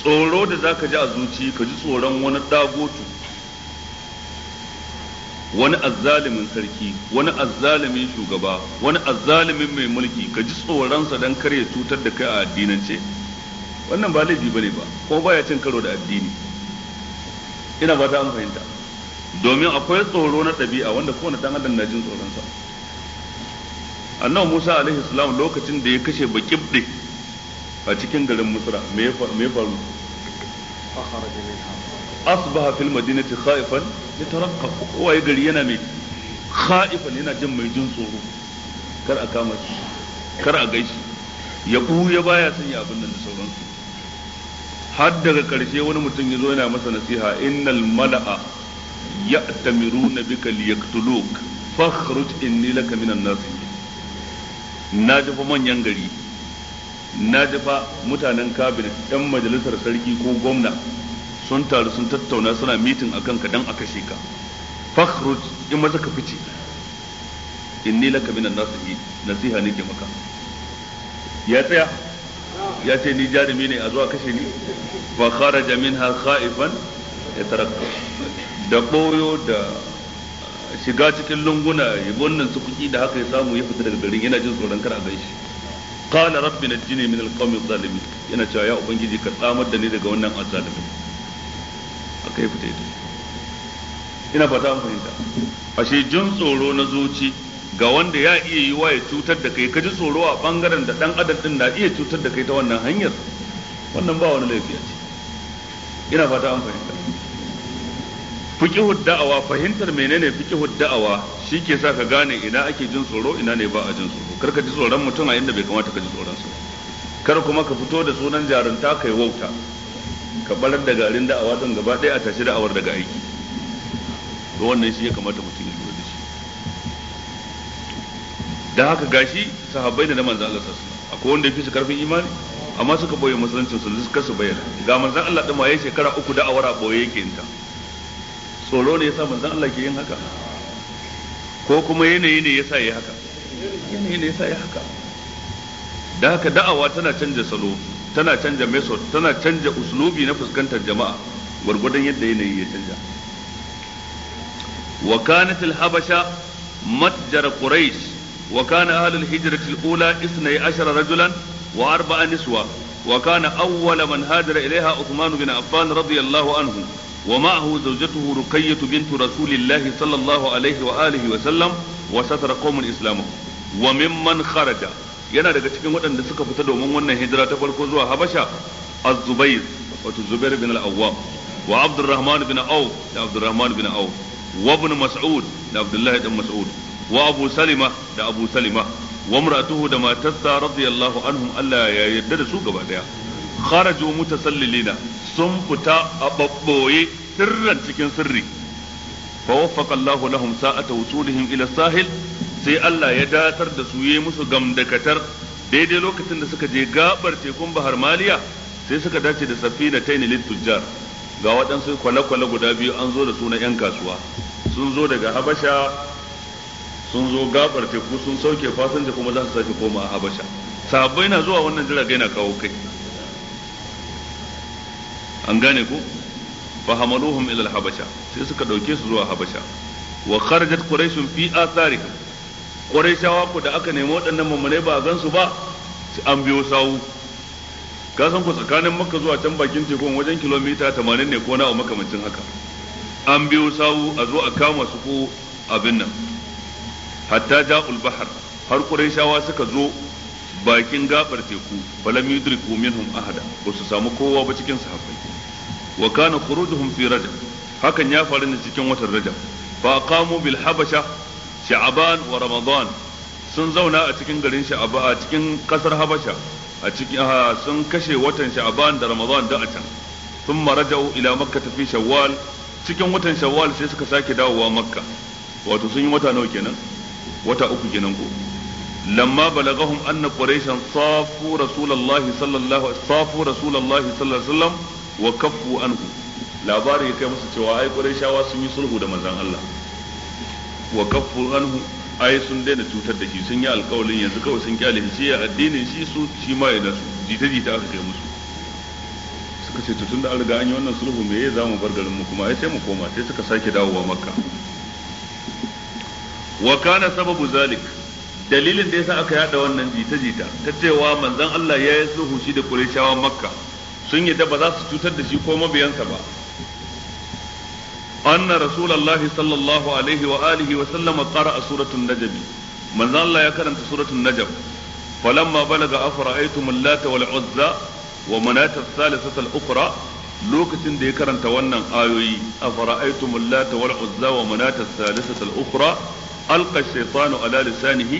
tsoro da za ka ji a zuci ka ji tsoron wani dagotu wani azzalimin sarki wani azzalimin shugaba wani azzalimin mai mulki ka ji tsoronsa don kar ya cutar da kai a addinance wannan ba laifi ne ba ko baya cin karo da addini ina ba ta an fahimta domin akwai tsoro na ɗabi'a wanda kowane ɗan adam na jin tsoronsa annabi Musa alaihi salam lokacin da ya kashe bakibde a cikin garin Misra me ya faru asbaha fil madinati khaifan yataraqqab kowa ya gari yana mai khaifan yana jin mai jin tsoro kar a kama shi kar a gaishe ya buya baya sanya abin nan da sauransu har daga ƙarshe wani mutum ya zo yana masa nasiha innal mala'a ya na bika liyaktuluk fakhruj inni laka minan nasihin na jafa manyan gari na jafa mutanen kabin yan majalisar sarki ko gwamna sun taru sun tattauna suna mitin akan ka dan kashe ka fakhruj in maza ka fice inni laka minan nasihi nasiha nake maka ya tsaya ya ce ni jarumi ne a zuwa kashe ni jamin kharaja haifan khaifan yatarakka da ɓoyo da shiga cikin lunguna ya wannan su kuki da haka ya samu ya fita daga garin yana jin tsoron kar a gan shi qala rabbi jini min alƙawmi zalimi yana cewa ya ubangiji ka tsamar da ni daga wannan a aka yi fita ita ina fata an fahimta ashe jin tsoro na zuci ga wanda ya iya wa ya cutar da kai ka ji tsoro a bangaren da dan adam din na iya cutar da kai ta wannan hanyar wannan ba wani laifi ce ina fata an fahimta fiqhud da'awa fahimtar menene fiqhud da'awa ke sa ka gane ina ake jin tsoro ina ne ba a jin tsoro kar ka ji tsoron mutum a inda bai kamata ka ji tsoron sa kar kuma ka fito da sunan jarunta kai wauta ka barar da garin da'awa don gaba ɗaya a tashi da'awar daga aiki to wannan shi ya kamata mutum ya da haka gashi sahabbai da na manzan Allah sallallahu akwai wanda ya fi su karfin imani amma suka boye musuluncin su suka su bayyana ga manzan Allah din ma shekara uku da awara boye yake ta tsoro ne yasa manzan Allah ke yin haka ko kuma yanayi ne yasa yayi haka yanayi ne yasa yayi haka da haka da'awa tana canja salo tana canja method tana canja uslubi na fuskantar jama'a gwargwadon yadda yanayi ya canja wa kanatil habasha matjar quraish وكان أهل الهجرة الأولى اثني عشر رجلا وأربع نسوة وكان أول من هاجر إليها عثمان بن عفان رضي الله عنه ومعه زوجته رقية بنت رسول الله صلى الله عليه وآله وسلم وستر قوم إسلامه وممن خرج yana daga cikin waɗanda suka fita domin wannan hijira ta farko zuwa Habasha Az-Zubair wato Zubair bin al wa Abdurrahman bin Auf da Abdurrahman bin Auf wa Mas'ud da Abdullah ibn Mas'ud wa abu salima da abu salima wa mar'atuhu da matarsa radiyallahu anhu Allah ya yarda da su gaba daya kharaju mutasallilina sun fita a babboye sirran cikin sirri fa waffaqa Allahu lahum sa'ata wusulihim ila sahil sai Allah ya datar da su yi musu gamdakatar daidai lokacin da suka je gaɓar tekun bahar maliya sai suka dace da safina ta lit tujjar ga waɗansu kwale-kwale guda biyu an zo da su 'yan kasuwa sun zo daga habasha sun zo gabar teku sun sauke fasinja kuma za su sake koma a habasha sahabbai na zuwa wannan jirage na kawo kai an gane ku fahamaluhum hamaluhum ila habasha sai suka dauke su zuwa habasha wa kharajat quraishun fi atharika quraishawa ku da aka nemi waɗannan mamane ba a gansu ba an biyo sawu ka san ku tsakanin makka zuwa can bakin tekun wajen kilomita 80 ne ko na makamancin haka an biyo sawu a zo a kama su ko abin nan hatta ja bahar har quraishawa suka zo bakin gabar teku falam yudriku minhum ahada ba su samu kowa ba cikin sahabbai wa kana khurujuhum fi rajab hakan ya faru ne cikin watan rajab fa qamu bil habasha sha'ban wa ramadan sun zauna a cikin garin sha'aba a cikin kasar habasha a cikin sun kashe watan sha'ban da ramadan da a can thumma raja'u ila makkah fi shawwal cikin watan shawwal sai suka sake dawowa makka wato sun yi wata nawa kenan wata uku kenan ko lamma balagahum anna quraishan safu rasulullahi sallallahu safu rasulullahi sallallahu alaihi wasallam wa kaffu anhu labari ya kai musu cewa ai quraishawa sun yi sulhu da manzon Allah wa kaffu anhu ai sun daina cutar da shi sun yi alkawalin yanzu kawai sun kyale shi ya addinin shi su shi ma yana su jita jita aka kai musu suka ce tutun da an riga an yi wannan sulhu me yayi zamu bar garin mu kuma ai sai mu koma sai suka sake dawowa makka wa kana sababu zalik dalilin da yasa aka yada wannan jita jita ta cewa manzon Allah ya yi sulhu shi da Qurayshawa Makka sun yi ba za su cutar da shi ko mabiyansa ba anna rasulullahi sallallahu alaihi wa alihi wa sallam qara'a suratul najm manzon Allah ya karanta suratul najm falamma balaga afra'aytum allata wal uzza wa manata ath al-ukhra lokacin da ya karanta wannan ayoyi afara'aytum allata wal uzza wa manata ath al-ukhra alqa shaytanu ala lisanihi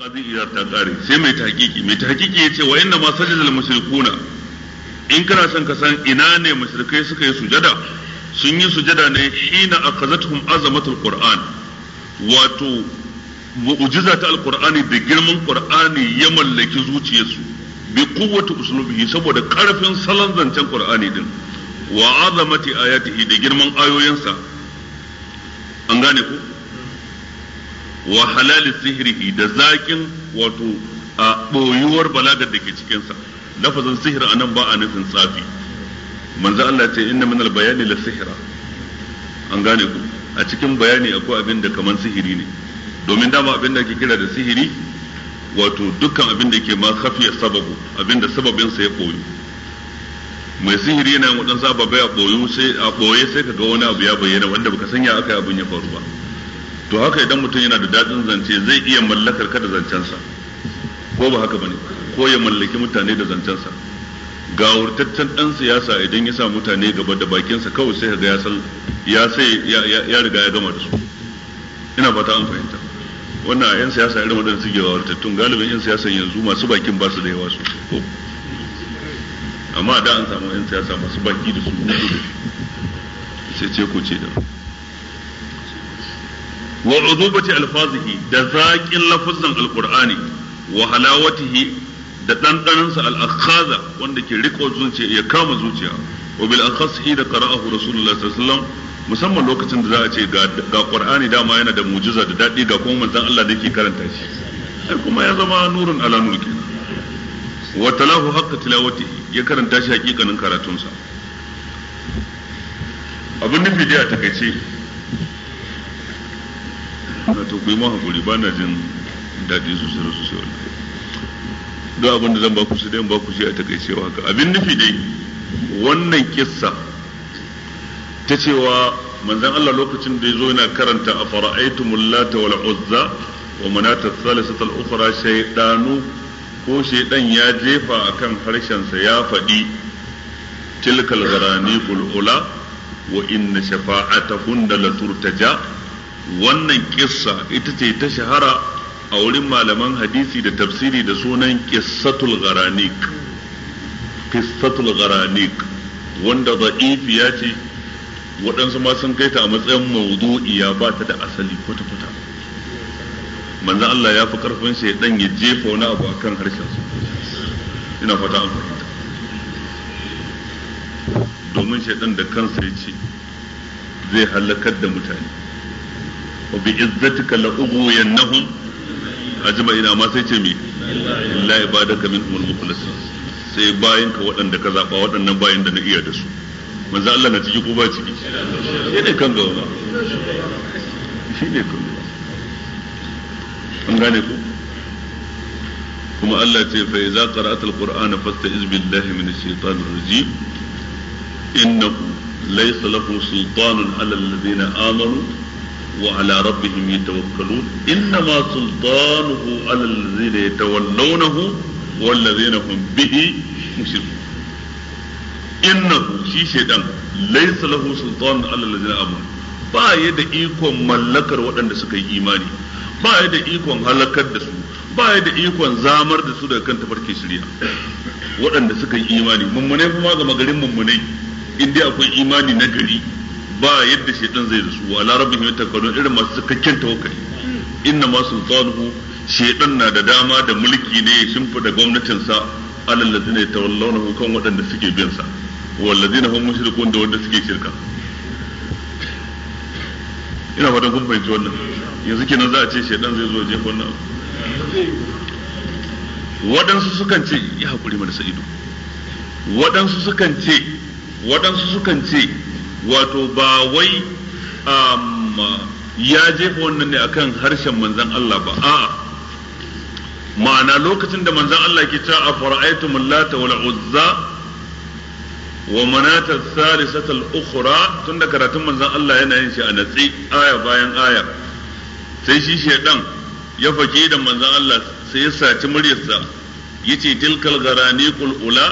qadiyar ya kare sai mai tahqiqi mai tahqiqi yace wa inna ma sajada al mushrikuna in kana son ka san ina ne mushrikai suka yi sujada sun yi sujada ne hina akhazatuhum azamatul qur'an wato mu'jiza ta alqur'ani da girman qur'ani ya mallaki zuciyarsu bi quwwati uslubihi saboda karfin salon zancen qur'ani din wa azamati ayatihi da girman ayoyinsa an gane ku wa halali sihrihi da zakin wato a boyuwar balagar da ke cikinsa lafazin sihir a nan ba a nufin tsafi manzo Allah ce inna min al-bayani la sihra an gane ku a cikin bayani akwai abin da kaman sihiri ne domin dama abin da ke kira da sihiri wato dukkan abin da ke ma khafiya sababu abin da sababin sa ya boyu mai sihiri yana wadansu ababai a boyu sai a boye sai ga wani abu ya bayyana wanda baka sanya aka yi abin ya faru ba to haka idan mutum yana da dadin zance zai iya mallakar ka da zancensa ko ba haka bane ko ya mallaki mutane da zancensa ga wurtaccen dan siyasa idan ya sa mutane gaba da bakinsa kawai sai ga ya san ya sai ya riga ya gama da su ina fata an fahimta wannan yan siyasa irin wadanda suke ga wurtattun galibin yan siyasan yanzu masu bakin ba su da yawa su amma da an samu yan siyasa masu baki da su sai ce ku ce da wa uzubati alfazihi da zaƙin lafazan alqur'ani wa halawatihi da dandanansa al-akhaza wanda ke riko zuciya ya kama zuciya wa bil akhasi da qara'ahu rasulullah sallallahu alaihi wasallam musamman lokacin da za a ce ga qur'ani dama yana da mujiza da daɗi ga kuma manzon Allah da yake karanta shi ai kuma ya zama nurun ala nur kenan wa talahu haqqa tilawatihi ya karanta shi hakikanin karatunsa abin nufi dai a takaice na to ku yi hakuri ba na jin daɗi sosai da sosai wallahi don abin da zan ba ku su dai ba ku shi a takaicewa haka abin nufi dai wannan kissa ta cewa manzon Allah lokacin da ya zo yana karanta a fara'aitumul lata wal uzza wa manata thalithata al ukhra shaydanu ko shaydan ya jefa akan harshen sa ya faɗi tilkal gharaniqul ula wa inna shafa'atahunna la turtaja wannan kissa ita ce ta shahara a wurin malaman hadisi da tafsiri da sunan kissatul gharanik kissatul gharanik wanda ya ce waɗansu ma sun kai ta a matsayin ya ba ta da asali kwata-kwata manzan Allah ya fi karfin shaidan ya jefa wani abu akan harshen su ina fata an fahimta domin shaidan da kansa ya ce zai halakar da mutane wa bi izzatika la ubuyannahum ajma'ina ma sai ce me illa ibadaka minhumul mukhlasin sai bayan ka waɗanda ka zaɓa waɗannan bayan da na iya da su manzo Allah na ciki ko ba ciki shi ne kan gaba shi ne kan gaba an gane ku kuma Allah ce fa idza qara'atal qur'ana fasta'iz billahi minash shaitanir rajim innahu laysa lahu sultanun 'alal ladina amanu وعلى ربهم يتوكلون إنما سلطانه على الذين يتولونه والذين هم به مشركون إنه شي dan ليس له سلطان على الذين آمنوا ba ya da ikon mallakar waɗanda suka yi imani ba ya da ikon halakar da su ba ya da ikon zamar da su daga kan tafarki shirya waɗanda suka yi imani mummunai kuma ga garin mummunai in dai akwai imani na gari ba yadda shaitan zai rasu wa larabin ya takwano irin masu cikakken tawakkali inna ma sultanuhu shaitan na da dama da mulki ne ya shimfida sa alal ladina yatawallawnahu kan waɗanda suke bin sa wal ladina hum mushrikun da wanda suke shirka ina fatan kun fahimci wannan yanzu kenan za a ce shaitan zai zo jefa wannan waɗansu sukan ce ya haƙuri mana sa'idu waɗansu sukan ce waɗansu sukan ce wato ba wai um, ya jefa wannan ne akan harshen manzan Allah ba a'a ma'ana lokacin da manzan Allah ke cewa a fara'aitu lata wal uzza wa manata salisata al ukhra tunda karatun manzan Allah yana yin shi a natsi aya bayan aya sai shi shedan ya fake da manzan Allah sai ya saci muryarsa yace tilkal garaniqul ula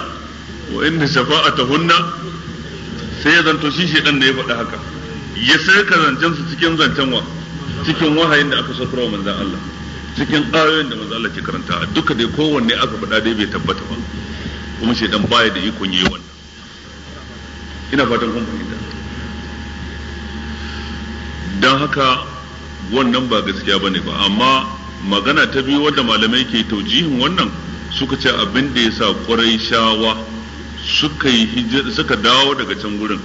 wa inna shafa'atahunna sai ya zanto shi ɗan da ya faɗi haka ya sai ka zancen su cikin zancen wa cikin wahayin da aka saukar wa manzan Allah cikin ƙayoyin da manzan Allah ke karanta duka dai kowanne aka faɗa dai bai tabbata ba kuma ɗan baya da ikon yi wannan ina fatan kun fahimta don haka wannan ba gaskiya bane ba amma magana ta biyu wadda malamai ke taujihin wannan suka ce abin da ya sa ƙwarai shawa suka yi suka dawo daga can gurin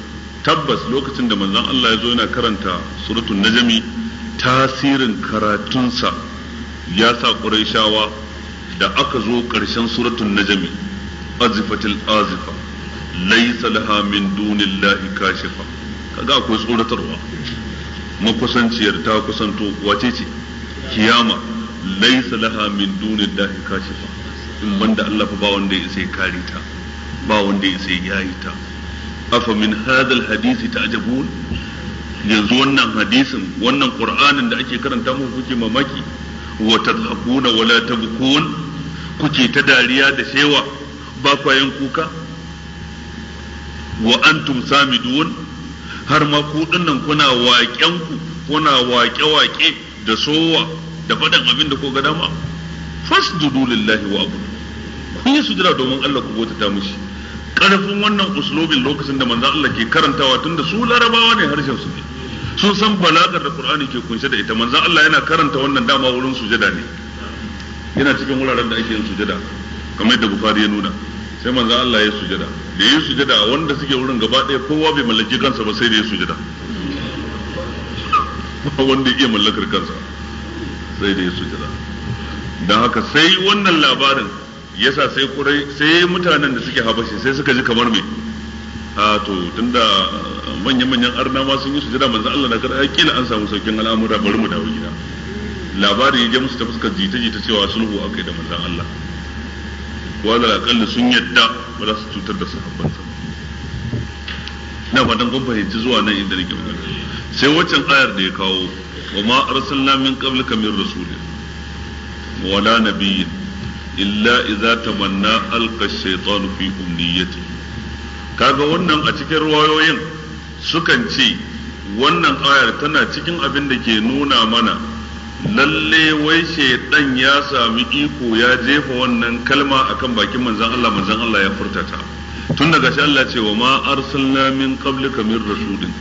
tabbas lokacin da manzon Allah ya zo yana karanta suratul najmi tasirin karatunsa ya sa qurayshawa da aka zo ƙarshen suratul najmi azifatil azifa laysa laha min dunillahi kashifa kaga akwai tsoratarwa makusanciyar ta kusanto wace ce kiyama laysa laha min dunillahi kashifa in banda Allah fa ba wanda ya sai kare ta ba wanda ya sai ya yi ta afa min hadal hadisi ta ajabun yanzu wannan hadisin wannan qur'anin da ake karanta mu kuke mamaki wa tadhakuna wala tabkun kuke ta dariya da shewa ba kwayan kuka wa antum samidun har ma ku dinnan kuna waƙen ku kuna waƙe-waƙe da sowa da faɗan abin da ko ga dama fasdudu lillahi wa abu kun yi sujira domin Allah ku bauta ta mushi karfin wannan uslubin lokacin da manzo Allah ke karantawa tunda su larabawa ne harshen su ne sun san balagar da Qur'ani ke kunshe da ita manzo Allah yana karanta wannan dama wurin sujada ne yana cikin wuraren da ake yin sujada kamar yadda Bukhari ya nuna sai manzo Allah ya sujada da ya sujada wanda suke wurin gaba ɗaya kowa bai mallaki kansa ba sai da ya sujada wanda ya iya mallakar kansa sai da ya sujada don haka sai wannan labarin yasa sai kurai sai mutanen da suke habashi sai suka ji kamar me a to tunda manya-manyan arna ma sun yi su jira manzo Allah na kar kila an samu saukin al'amura bari mu dawo gida labari ya je musu ta fuskar jita-jita cewa sulhu akai da manzo Allah wala akalli sun yadda ba za su cutar da sa na fatan kun fahimci zuwa nan inda nake magana sai waccan ayar da ya kawo wa ma arsalna min qablika min rasulin wala nabiyyin illa idza tamanna alqa ash-shaytan fi umniyati kaga wannan a cikin ruwayoyin sukan ce wannan ayar tana cikin abin da ke nuna mana lalle wai shaidan ya sami iko ya jefa wannan kalma akan bakin manzan Allah manzan Allah ya furtata. tun daga shi Allah ce wa ma arsalna min qablika min rasulin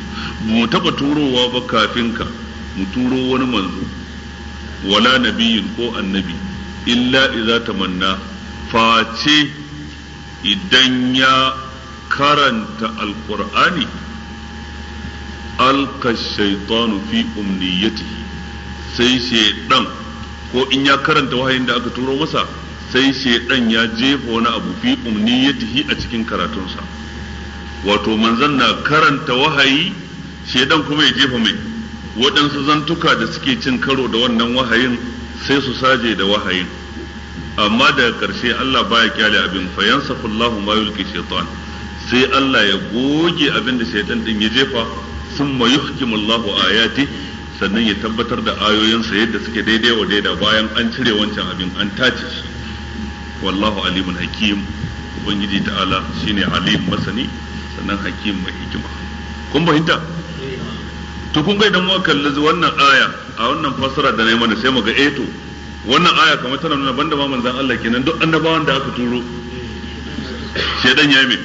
mu taba turowa ba kafin ka mu turo wani manzo wala nabiyin ko annabi illa iza manna face idan ya karanta alqur'ani alka shaitanu fi umniyati sai shaidan ko in ya karanta wahayin da aka turo masa sai shaidan ya jefa wani abu fi umniyatihi a cikin karatunsa wato manzon na karanta wahayi shaidan kuma ya jefa mai waɗansu zantuka da suke cin karo da wannan wahayin sai su saje da wahayin amma daga ƙarshe Allah baya kyale abin fayansa yansakhu Allahu ma yulqi shaytan sai Allah ya goge abin da shaytan din ya jefa sun yuhkimu Allahu ayati sannan ya tabbatar da ayoyinsa yadda suke daidai wa daida bayan an cire wancan abin an tace shi wallahu alimun hakim ubangiji ta'ala shine alim masani sannan hakim mai hikima kun fahimta to kun ga idan muka kalli wannan aya a wannan fassara da na yi mana sai mu ga eh to wannan aya kamar tana nuna banda ma manzon Allah kenan duk annabawan da aka turo shedan ya me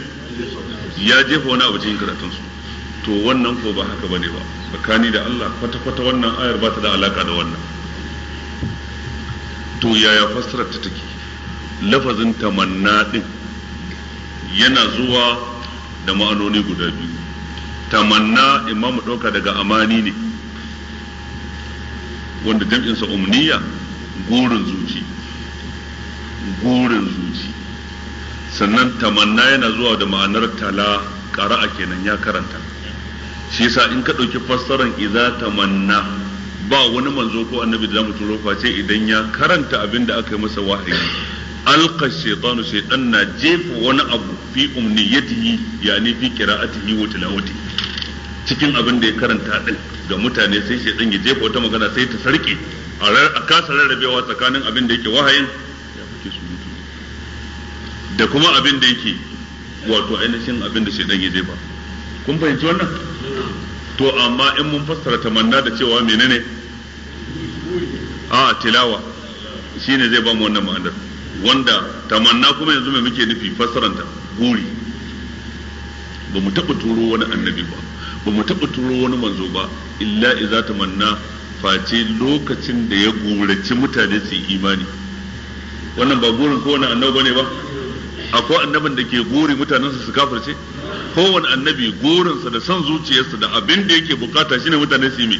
ya jefa wani abu cikin karatun su to wannan ko ba haka bane ba tsakani da Allah kwata kwata wannan ayar ba ta da alaka da wannan to yaya fassarar ta take lafazin tamanna din yana zuwa da ma'anoni guda biyu tamanna imamu ɗauka daga amani ne wanda jam'insa umniya gurin zuci gurin zuci sannan tamanna yana zuwa da ma'anar tala ƙara'a kenan ya karanta shi yasa in ka ɗauki fassarar iza tamanna ba wani manzo ko annabi da zamu turo face idan ya karanta abin da aka yi masa wahayi alka shaitanu shaitan na jefa wani abu fi umniyatihi yani fi qira'atihi wa tilawatihi cikin abin da ya karanta din ga mutane sai shaitan ya jefa wata magana sai ta sarki a kasa rarrabewa tsakanin abin da yake wahayin da kuma abin da yake wato ainihin abin da shaitan ya jefa kun fahimci wannan to amma in mun fassara tamanna da cewa menene a tilawa shine zai ba mu wannan ma'anar wanda tamanna kuma yanzu mai muke nufi fassaranta buri ba mu taɓa turo wani annabi ba ba mu taɓa turo wani manzo ba illa iza tamanna face lokacin da ya gurace mutane su imani wannan ba burin wani annabi bane ba akwai annabin da ke gori mutanensa su kafirce kowane annabi gorinsa da son zuciyarsa da abin da yake bukata shine mutane su yi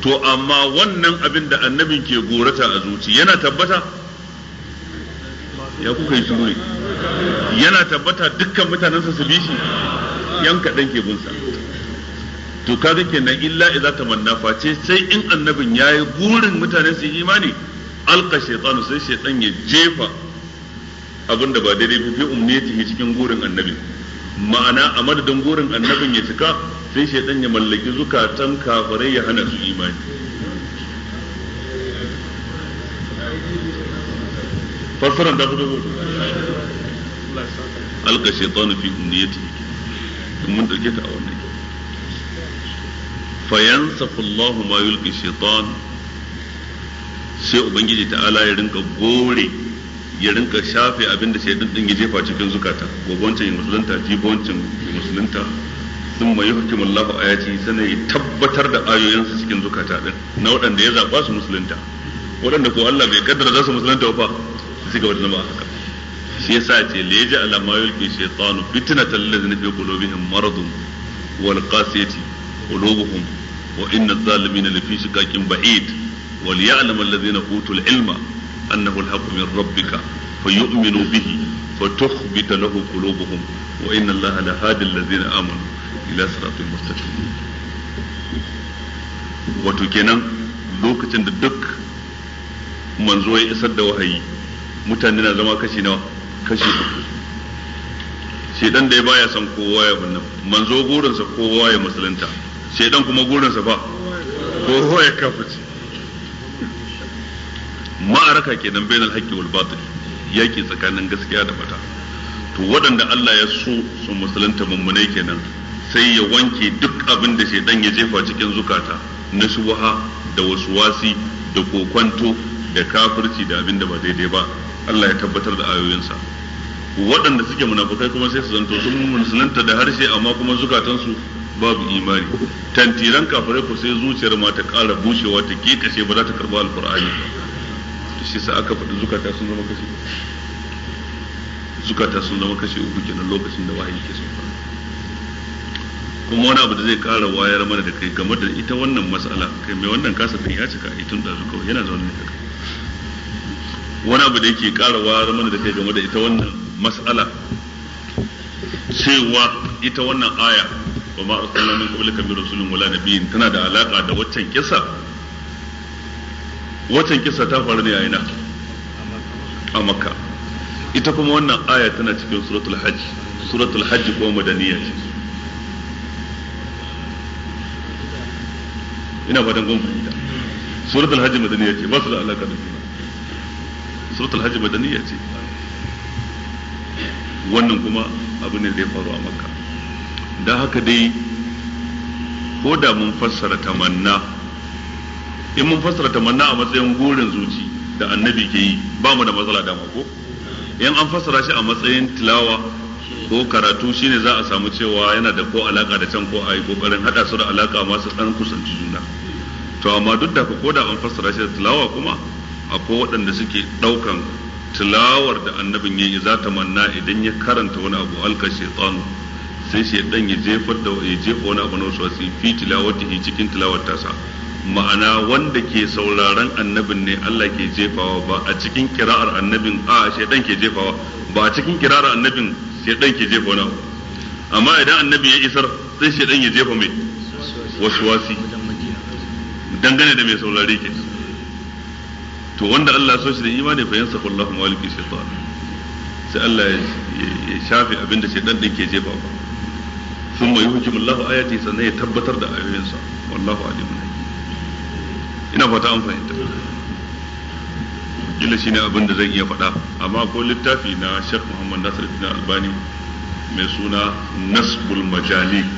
to amma wannan abin da annabin ke gorata a zuci yana tabbata ya kuka yi shiru ne yana tabbata dukkan mutanensa su bi shi yan kaɗan ke bunsa to kaga kenan illa idza tamanna face sai in annabin yayi burin mutane su imani alqa shaytanu sai shaytan ya jefa abinda ba daidai ba fi umniyatihi cikin gurin annabi ma'ana a madadin burin annabin ya cika sai shaytan ya mallaki zukatan kafirai ya hana su imani fassaran ta fito alka shaytanu fi niyyati mun dauke ta a wannan fa yansafu Allah ma yulqi shaytan sai ubangiji ta'ala ya rinka gore ya rinka shafe abinda shaytan din ya jefa cikin zukata gobe wancan musulunta jibo wancan musulunta sun mai hukimu Allah ayati ya tabbatar da ayoyinsa cikin zukata din na waɗanda ya zaɓa su musulunta waɗanda ko Allah bai kaddara za su musulunta ba su ci gaba da a haka shi yasa ce yaji ala ma yulqi shaytanu fitnatan fi qulubihim maradun wal qasiyati qulubuhum wa inna shiqaqin ba'id wal ya'lamu alladhina utul ilma annahu al min rabbika fayu'minu bihi wato kenan lokacin da duk manzo ya isar da wahayi mutane na zama kashi na kashi shedan da ya baya son kowa ya bunna manzo burinsa kowa ya musulunta shedan kuma burinsa fa kowa ya kafuci ma'araka kenan bainal haqqi wal batil yaki tsakanin gaskiya da bata to waɗanda Allah ya so su musulunta mummune kenan sai ya wanke duk abin da shedan ya jefa cikin zukata na shubha da wasu wasi da kokwanto da kafirci da abin da ba daidai ba Allah ya tabbatar da ayoyinsa waɗanda suke munafukai kuma sai su zanto sun musulunta da harshe amma kuma zukatansu babu imani tantiran kafirai ko sai zuciyar ma ta ƙara bushewa ta kekashe ba za ta karɓi Alƙur'ani. ba shi sa aka faɗi zukata sun zama kashe zukata sun zama kashe uku kenan lokacin da wahayi ke sauka kuma wani abu da zai ƙara wayar mana da kai game da ita wannan matsala kai mai wannan kasa din ya cika a itun ɗazu kawai yana zaune ne kai. wani abu da yake ƙara wara mana da kai game da ita wannan mas'ala cewa ita wannan aya wa ma arsalna min qablika min rasulin wala nabiyyin tana da alaka da waccan kisa waccan kisa ta faru ne a ina a makka ita kuma wannan aya tana cikin suratul hajj suratul hajj ko madaniya ce ina fatan kun fahimta suratul hajj madaniya ce ba su da alaka da juna suratul hajj madaniya ce wannan kuma abu ne zai faru a makka da haka dai ko da mun fassara tamanna in mun fassara tamanna a matsayin gurin zuci da annabi ke yi ba mu da matsala dama ko in an fassara shi a matsayin tilawa ko karatu shine za a samu cewa yana da ko alaka da can ko a yi kokarin hada su da alaka masu dan kusanci juna to amma duk da ko da an fassara shi da tilawa kuma akwai waɗanda suke ɗaukan tilawar da annabin yayi za ta manna idan ya karanta wani abu alka shaitan sai shaitan ya jefar da ya jefa wani abu na wasu wasi fi tilawatihi cikin tilawar tasa ma'ana wanda ke sauraron annabin ne Allah ke jefawa ba a cikin kira'ar annabin a shaitan ke jefawa ba a cikin kira'ar annabin shaitan ke jefa wani abu amma idan annabi ya isar sai shaitan ya jefa mai wasu wasi dangane da mai saurare ke to wanda Allah so shi da imani fa yansa kullahu maliki shaitan sai Allah ya shafe abinda shaitan din ke jefa ba sun mai hukum Allah ayati sannan ya tabbatar da ayoyinsa wallahu alimun hakim ina fata an fahimta kila shine abin da zan iya faɗa amma ko littafi na Sheikh Muhammad Nasir bin Albani mai suna Nasbul Majalik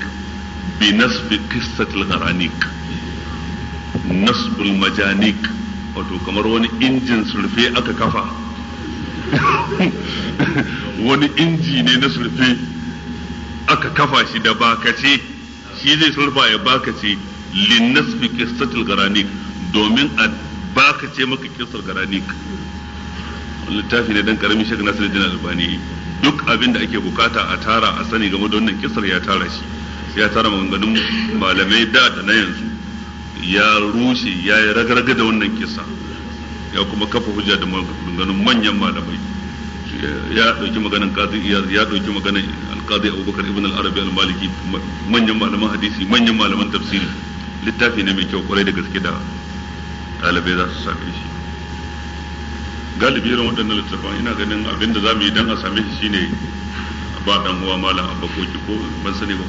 bi nasbi qissatil gharanik Nasbul Majanik wato kamar wani injin surfe aka kafa wani inji ne na surfe aka kafa shi da bakace shi zai surfa ya bakace linnasfi kistatil garanik domin a bakace maka kistar garanik littafi ne dan karamin shek Nasiruddin Albani duk abin da ake bukata a tara a sani game da wannan kistar ya tara shi sai ya tara maganganun malamai da da na yanzu ya rushe ya yi ragarga da wannan kisa ya kuma kafa hujja da maganganun manyan malamai ya dauki maganin kazi ya dauki maganin al-qadi abubakar ibn al-arabi al-maliki manyan malaman hadisi manyan malaman tafsiri littafi ne mai kyau kwarai da gaske da ɗalibai za su same shi galibi irin waɗannan littafan ina ganin abinda za mu yi don a same shi shine ba dan uwa malam abba ko ko ban sani ba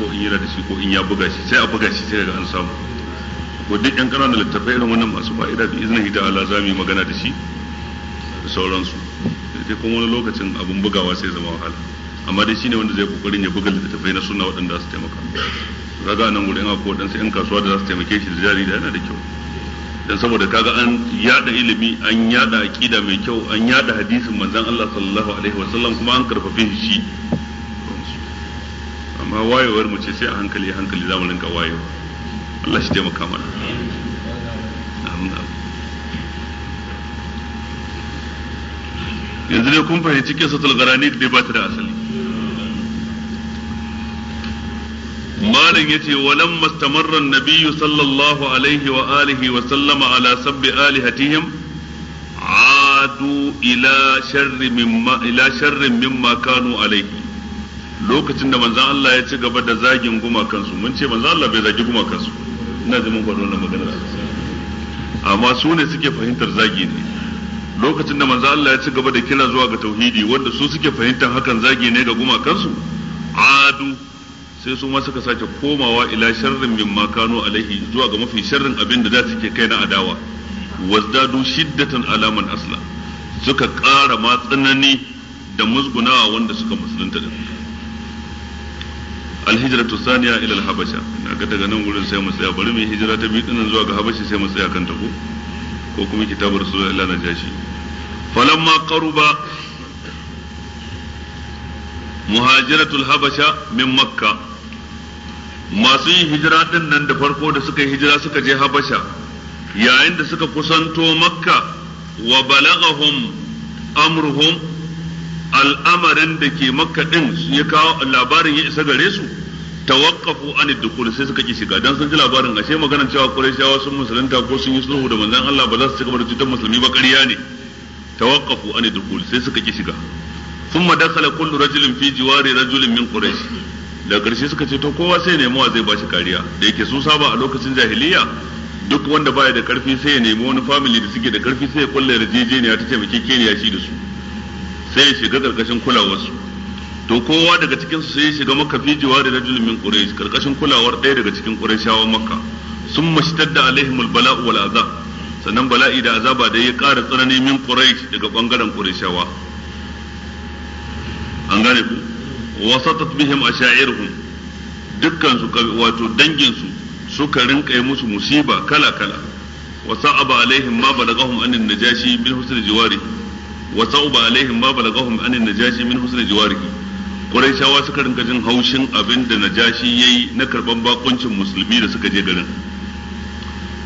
ko in yi da shi ko in ya buga shi sai a buga shi sai ga an samu ko duk yan ƙananan littattafai irin wannan masu fa'ida bi iznihi ta'ala za mu yi magana da shi da sauransu sai kuma wani lokacin abin bugawa sai zama wahala amma dai shine wanda zai kokarin ya buga littattafai na suna waɗanda su taimaka ka nan gurin akwai waɗansu 'yan kasuwa da za su taimake shi da jari da yana da kyau dan saboda kaga an yada ilimi an yada aqida mai kyau an yada hadisin manzon Allah sallallahu alaihi wasallam kuma an karfafe shi amma wayewar mu ce sai a hankali hankali zamu rinka wayewa Allah shi taimaka mana yanzu dai kun fahimci satul garani da ba ta da asali malam yace walam mastamarra nabiyyu sallallahu alaihi wa alihi wa sallama ala sabbi alihatihim adu ila sharri mimma ila sharrin mimma kanu alaihi lokacin da manzon Allah ya ci gaba da zagin gumakansu mun ce manzon Allah bai zagi gumakansu ina ji mun faɗi wannan maganar amma su ne suke fahimtar zagi ne lokacin da manzo Allah ya ci gaba da kira zuwa ga tauhidi wanda su suke fahimtar hakan zagi ne ga gumakansu adu sai su ma suka sake komawa ila sharrin min makano alaihi zuwa ga mafi sharrin abin da za su ke kai na adawa wazdadu shiddatan alaman asla suka ƙara ma da musgunawa wanda suka musulunta da alhijratu saniya ila Habasha, ina ga daga nan gurin sai mu tsaya bari mu hijira ta biyu dinnan zuwa ga habashi sai mu tsaya kan ta ko ko kuma kitabar rasulullahi najashi falamma qaruba muhajiratul habasha min makka masu yin hijira din nan da farko da suka yi hijira suka je habasha yayin da suka kusanto makka wa balagahum amruhum al'amarin da ke makka din ya kawo labarin ya isa gare su tawaqqafu an dukul sai suka ki shiga dan sun ji labarin ashe maganar cewa qurayshawa sun musulunta ko sun yi sulhu da manzon Allah ba za su ci gaba da cutar musulmi ba ƙarya ne tawaqqafu an dukul sai suka ki shiga thumma dakhala kullu rajulin fi jiwari rajulin min quraish da ƙarshe suka ce to kowa sai nemi wa zai bashi kariya da yake sun saba a lokacin jahiliya duk wanda baya da karfi sai ya nemi wani family da suke da karfi sai ya kulle jejeniya ta keniya shi da su sai ya shiga karkashin kulawarsu to kowa daga cikin su sai ya shiga maka fi jiwari rajul min quraish karkashin kulawar ɗaya daga cikin qurayshawa makka sun mashtadda alaihim albala'u wal azab sannan bala'i da azaba da ya ƙara tsanani min quraish daga bangaren qurayshawa an gane ku wasatat bihim asha'irhum dukkan su wato dangin su suka rinka musu musiba kala kala wa sa'aba alaihim ma balagahum annin najashi bil husn jiwari wa sauba alaihim ma balagahum anin najashi min husn jiwarihi quraishawa suka rinka jin haushin abin da najashi yayi na karban bakuncin musulmi da suka je garin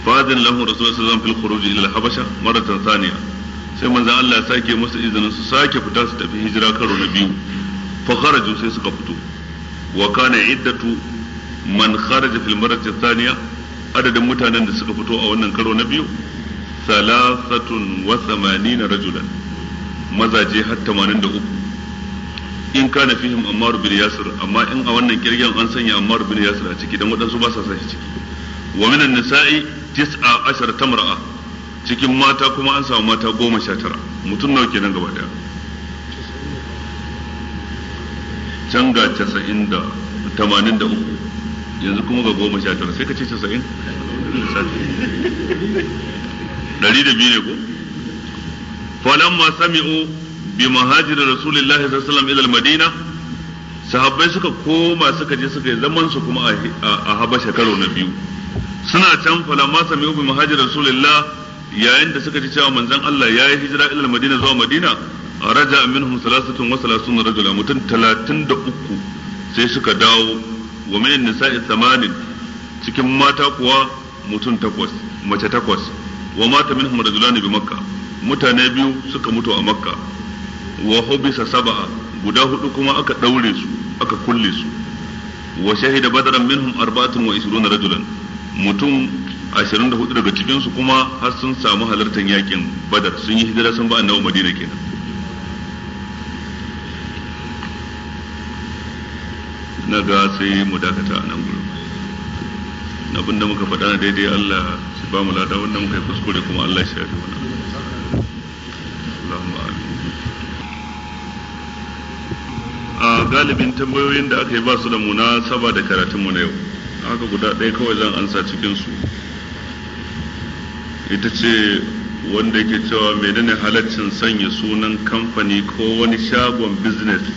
fadin lahu rasulullahi sallallahu alaihi wasallam fil khuruj ila al-habasha maratan thaniya sai manzo Allah ya sake musu izinin su sake fita su tafi hijira karo na biyu fa kharaju sai suka fito wa kana iddatu man kharaja fil marrati thaniya adadin mutanen da suka fito a wannan karo na biyu salasatun wa 80 rajulan mazaje har 83 in kana fihim ammar bin yasir amma in a wannan kirgen an sanya ammar bin yasir a ciki dan waɗansu ba sa sa ciki wa minan nisa'i 19 tamra'a cikin mata kuma an samu mata goma sha tara mutum nawa kenan gaba daya can ga casa'in da tamanin da uku yanzu kuma ga goma sha tara sai ka ce casa'in ɗari da biyu ne ko falamma sami'u bi mahajir rasulullahi sallallahu alaihi wasallam ila madina sahabbai suka koma suka je suka yi zaman su kuma a habasha karo na biyu suna can falamma sami'u bi mahajir rasulillah yayin da suka ji cewa manzon Allah ya yi hijira ila madina zuwa madina raja minhum salasatun wa na rajula mutum 33 sai suka dawo wa min nisa'i thamanin cikin mata kuwa mutum takwas mace takwas wa mata minhum rajulani bi makkah mutane biyu suka mutu a makka wa hubisa sab'a guda hudu kuma aka daure su aka kulle su wa shahida badran minhum arba'atun wa ishruna rajulan mutum 24 daga cikin su kuma har sun samu halartar yakin badar sun yi hijira sun ba annabi madina kenan na ga sai mu dakata a nan gurin na da muka faɗa na daidai Allah shi ba mu lada wanda muka yi kuskure kuma Allah shi ya fi wani a galibin tambayoyin da aka yi ba su da munasaba da karatunmu na yau haka guda ɗaya kawai zan ansa cikinsu ita ce wanda yake cewa menene halaccin sanya sunan kamfani ko wani shagon business